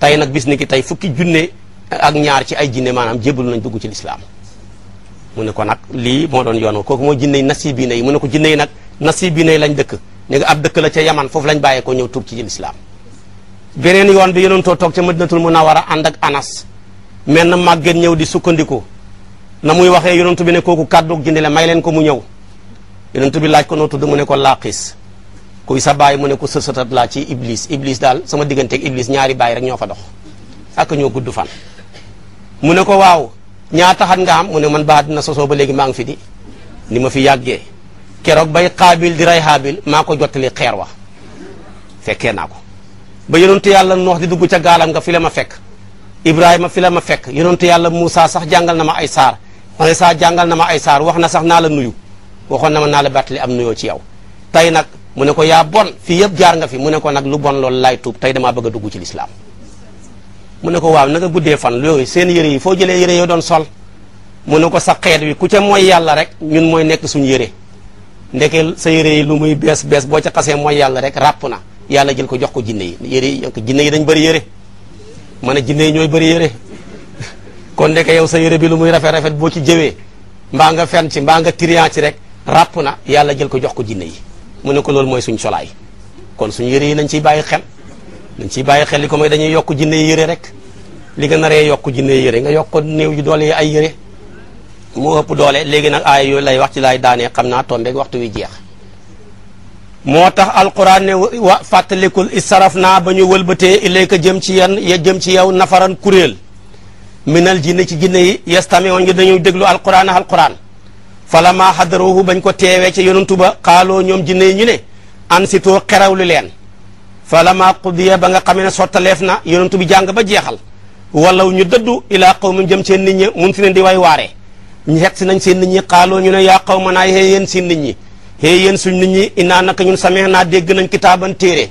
tey nag bis ni ki tey fukki junne ak ñaar ci ay jinne maanaam jébalu nañ dugg ci lislaam mu ne ko nag lii moo doon yoon kooku moo jinne yi nasibiina yi mu ne ko jinne yi nag nasibiina yi lañ dëkk ñu nga ab dëkk la ca yaman foofu lañ bàyyee ko ñëw tur ci lislaam beneen yoon bi yonentoo toog ca madinatul munawara ànd ak anas menn màgget ñëw di sukkandiku na muy waxee yonentu bi ne kooku kàddu gindi la may leen ko mu ñëw yonentu bi laaj ko noo tudd mu ne ko laqis kuy sa baay mu ne ko sësatat laa ci iblis iblis daal sama digganteeg iblis ñaari baay rek ñoo fa dox ak ñoo gudd fan mu ne ko waaw ñaata xat nga am mu ne man baa dina sosoo ba léegi maa ngi fi di ni ma fi yàggee keroog bay xaabil di rey xaabil ko jottali xeer wa fekkee naa ko ba yenoon yonentu yàlla noox di dugg ca gaalam nga fi la ma fekk ibrahima fi la ma fekk ti yàlla moussa sax jàngal na ma ay saar Iisaa jàngal na ma ay saar wax na sax naa la nuyu waxoon na ma naa la bàttali am nuyoo ci yow tey nag mu ne ko yaa bon fii yëpp jaar nga fi mu ne ko nag lu bon loolu laay tuub tey damaa bëgg a dugg ci lislaam mu ne ko waaw na nga guddee fan loolu seen yëre yi foo jëlee yëre yoo doon sol mu ne ko sa xeet wi ku ca mooy yàlla rek ñun mooy nekk suñu yëre ndeke sa yëre lu muy bees boo ca xasee mooy yàlla rek ràpp na yàlla jël ko jox ko jinne yi yére yi jinne yi dañ bëri yëre ma ne jinne yi ñooy bëri yëre kon ndeke yow sa yëre bi lu muy rafet rafet boo ci jëwee mbaa nga fen ci mbaa nga trian ci rek ràpp na yàlla jël ko jox ko jinne yi mu ne ko loolu mooy suñ solaay kon suñ yëre yi nañ ciy bàyyi xel nañ ciy bàyyi xel li ko mooy dañuy yokk jinne yi yére rek li nga naree yokk jinne yi yére nga yokk néew ju doole yi ay yére moo ëpp doole léegi nag aaya yooyu lay wax ci laay daanee xam naa tombeeg waxtu wi jeex moo tax alquran ne wa fàttalikul isaraf naa ba ñu wëlbatee ilayka jëm ci yan jëm ci yow nafaran kuréel minal jinne ci jinne yi yastami'un ngi dañuy déglu alquran alquran falammaa hadaruhu bañ ko teewee ci yonantu ba kaaloo ñoom jinne yi ñu ne ansi ansitoo xerawlu leen falammaa qudiya ba nga xamee ne sottaleef na yonantu bi jàng ba jeexal walaw ñu dëddu ilaa qawmin jëm seen nit ñi mun fi ne di way waare ñu xet si nañ seen nit ñi xaaloo ñu ne yaa qawmanaa yéen seen nit ñi xée yéen suñ nit ñi innaa naka ñun samee naa dégg nañ kitaaban téere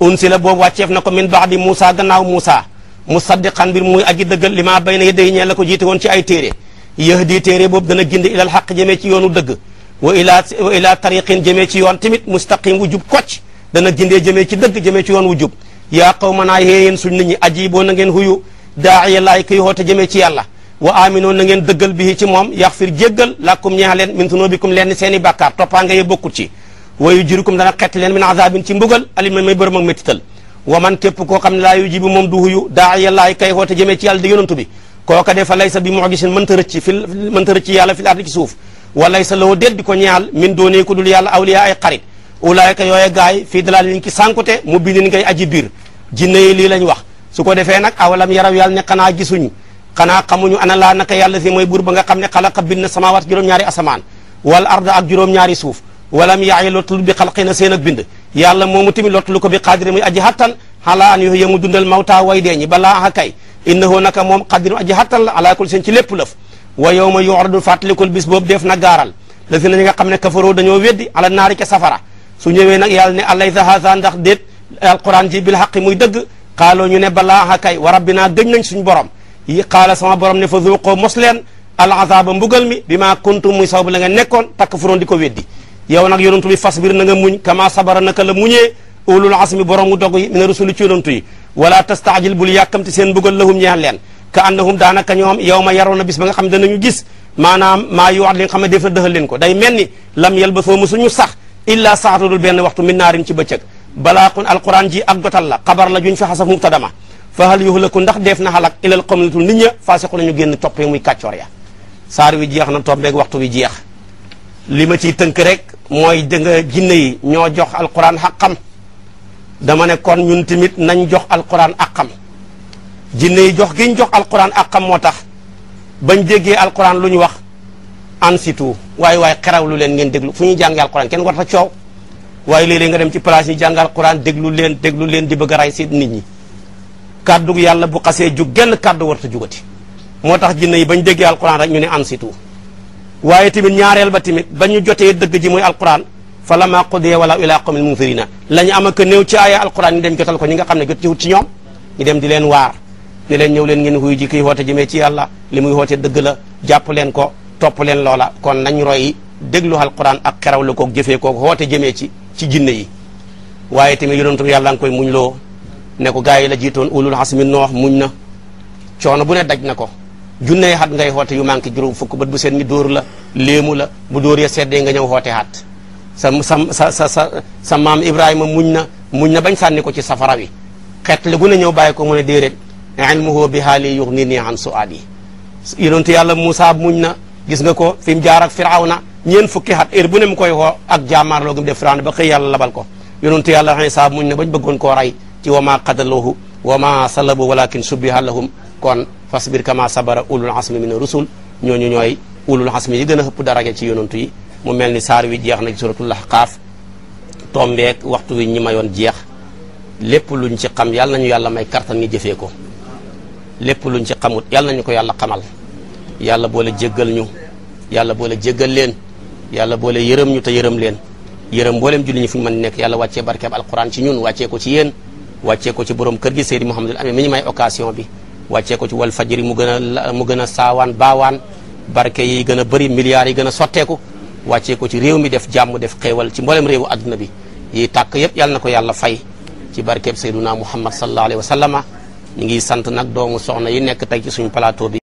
unsila boobu ceef na ko min ba'di Muusa gannaaw Muusa musaddiqan mbir muy aji dëggal li maa bayna yadayhi ñeel la ko jiite woon ci ay téere yahdi téere boobu dana gindi ilal xaq jëmee ci yoonu dëgg wa ilaa wa ilaa tariqin jëmee ci yoon tamit mustaqim wu jub kocc dana gindee jëmee ci dëgg jëmee ci yoon wu jub yaa qawmanaa xée yéen suñ nit ñi aji boo na ngeen huyu daa'iya laay kiy xoote jëmee ci yàlla wa aminoon na ngeen dëggal bii ci moom yaxfir jéggal làkkum ñeex leen min sunubikum leen seen i bàkkaar toppaanga ye bokkut ci wa yujirukum dana xetti min azabin ci mbugal alima may bërëm ak wa man képp koo xam ne laa yujibu moom du huyu ay kay xoote jëmee ci yàlla di yonantu bi kooka defa laysa bi mu'jisin mënta rëcc fi mënta rëcc yàlla fi ardi ci suuf wa laysa lawoo déet di ko ñaal min doonee ku dul yàlla awliya ay xarit ulaayka yooye gaay fii dalal wax su ko defee nag awalam yaraw yàlla ne xanaa gisuñu xanaa xamuñu ana laa naka yàlla si mooy buur ba nga xam ne xalaqa bind na samaawaat juróom-ñaari asamaan wal arda ak juróom-ñaari suuf walam yaayi lottul bi xalqina seen ak bind yàlla moomu tamit lottulu ko bi xaadiri muy aji hattan xalaa an yoxu mu dundal mawta way deeñi balaa a kay innahu naka moom xaadiru aji hattan la alaa kulli seen ci lépp lëf wa yow ma yuradul fàttalikul bis boobu def na gaaral la si na ñi nga xam ne kafaroo dañoo weddi ala naari ca safara su ñëwee nag yàlla ne alaysa haasa ndax déet alquran ji bil xaqi muy dëgg xaaloo ñu ne balaa a kay wa rabbinaa gëñ nañ suñu borom yi qaala sama borom ne fa zuuqoo mos al azaaba mbugal mi kuntum muy sababu la nga nekkoon takk furoon di ko weddi yow nag yonantu bi fasbir na nga muñ kama sabara naka la muñee ulul azmi boromu dog yi mina rusuli ci yonantu yi wala tastaajil bul yàkkamti seen mbugal lahum ñeexal leen daanaka ñoom yow ma yaroon na bis ba nga xam danañu gis maanaam maa yuwaat li nga xam ne leen ko day mel ni lam yalbasoo musuñu sax illa saatadul benn waxtu min naarin ci bëccëg balaa kun alquran ji ak gotal la xabar la juñ fi xasaf muktadama fa hal yuhlaku ndax def na xalak ilal qomlatul nit ña faasiqu nañu génn toppee muy kàccoor ya saar wi jeex na tombeeg waxtu wi jeex lii ma ciy tënk rek mooy da nga yi ñoo jox alquran xaqam dama ne kon ñun tamit nañ jox alquran àqam jinne yi jox giñ jox alquran xam moo tax bañ déggee alquran lu ñu wax ansitu waaye waaye xeraw lu leen ngeen déglu fu ñuy jàngee alquran kenn war ta coow waaye léeg-léeg nga dem ci place yi jàng alquran déglu leen déglu leen di bëgg a ray nit ñi kàddu yàlla bu xasee jug genn kàddu warta jugati moo tax jinne yi bañ déggee alquran rek ñu ne ansitu waaye tamit ñaareel ba tamit ba ñu jotee dëgg ji muy alquran fa lama qudiya wala ila qawmil munzirina la lañu am ak new ci aaya alquran ñu dem jotal ko ñi nga xam ne jot ci ci ñoom ñu dem di leen waar ne leen ñëw leen ngeen wuyu ji kiy woote jëmee ci yàlla li muy woote dëgg la jàpp leen ko topp leen loola kon nañ roy déglu alquran ak xeraw la koog jëfee koog woote jëmee ci ci jinne yi waaye tamit yonentu yàlla nga koy muñ loo ne ko gaa yi la jiitoon ulul asmi noox muñ na coono bu ne daj na ko junnee xat ngay xoote yu manqué juróom fukk bët bu seen ñi dóor la léemu la bu dóor ya seddee nga ñëw xoote xat sa sa sa sa sa maam Ibrahima muñ na muñ na bañ sànni ko ci safara wi xet li gu ne ñëw bàyyi ko mu ne déedéet ilmuhu bi haali yughnini an suali yonentu yàlla Moussa muñ na gis nga ko fi mu jaar ak Firawna ñeent fukki xat heure bu ne mu koy xoo ak jaamaarloo gi mu def Firawna ba xëy yàlla labal ko yonentu yàlla Iisaa muñ na bañ bëggoon koo rey ci wa maa qataluhu wa maa salabu walakin subbiha lahum kon fasbir kama sabara ulul asmi min rusul ñooñu ñooy ulul asmi yi gën a ëpp daraja ci yonantu yi mu mel ni saar wi jeex na ci suratul tombeek waxtu wi ñi mayoon jeex lépp luñ ci xam yàlla nañu yàlla may kartan ngi jëfee ko lépp luñ ci xamut yàlla ñu ko yàlla xamal yàlla boole jéggal ñu yàlla boole jéggal leen yàlla boole yërëm ñu te yërëm leen yërëm mboolem julli ñi fu ñu mën nekk yàlla wàccee barkeeb alquran ci ñun wàccee wàccee ko ci borom kër gi Seydi Mouhamadul Amin mi ñu may occasion bi wàccee ko ci wal fajiri mu gën a mu gën a saawaan baawaan barke yi gën a bëri milliards yi gën a sotteeku wàccee ko ci réew mi def jàmm def xéewal ci mboolem réewu adduna bi yi tàkk yëpp yàlla na ko yàlla fay ci barkeeb Seyduna Muhammad sallallahu alayhi wa sallama ñu ngi sant nag doomu soxna yi nekk tey ci suñu plateau bi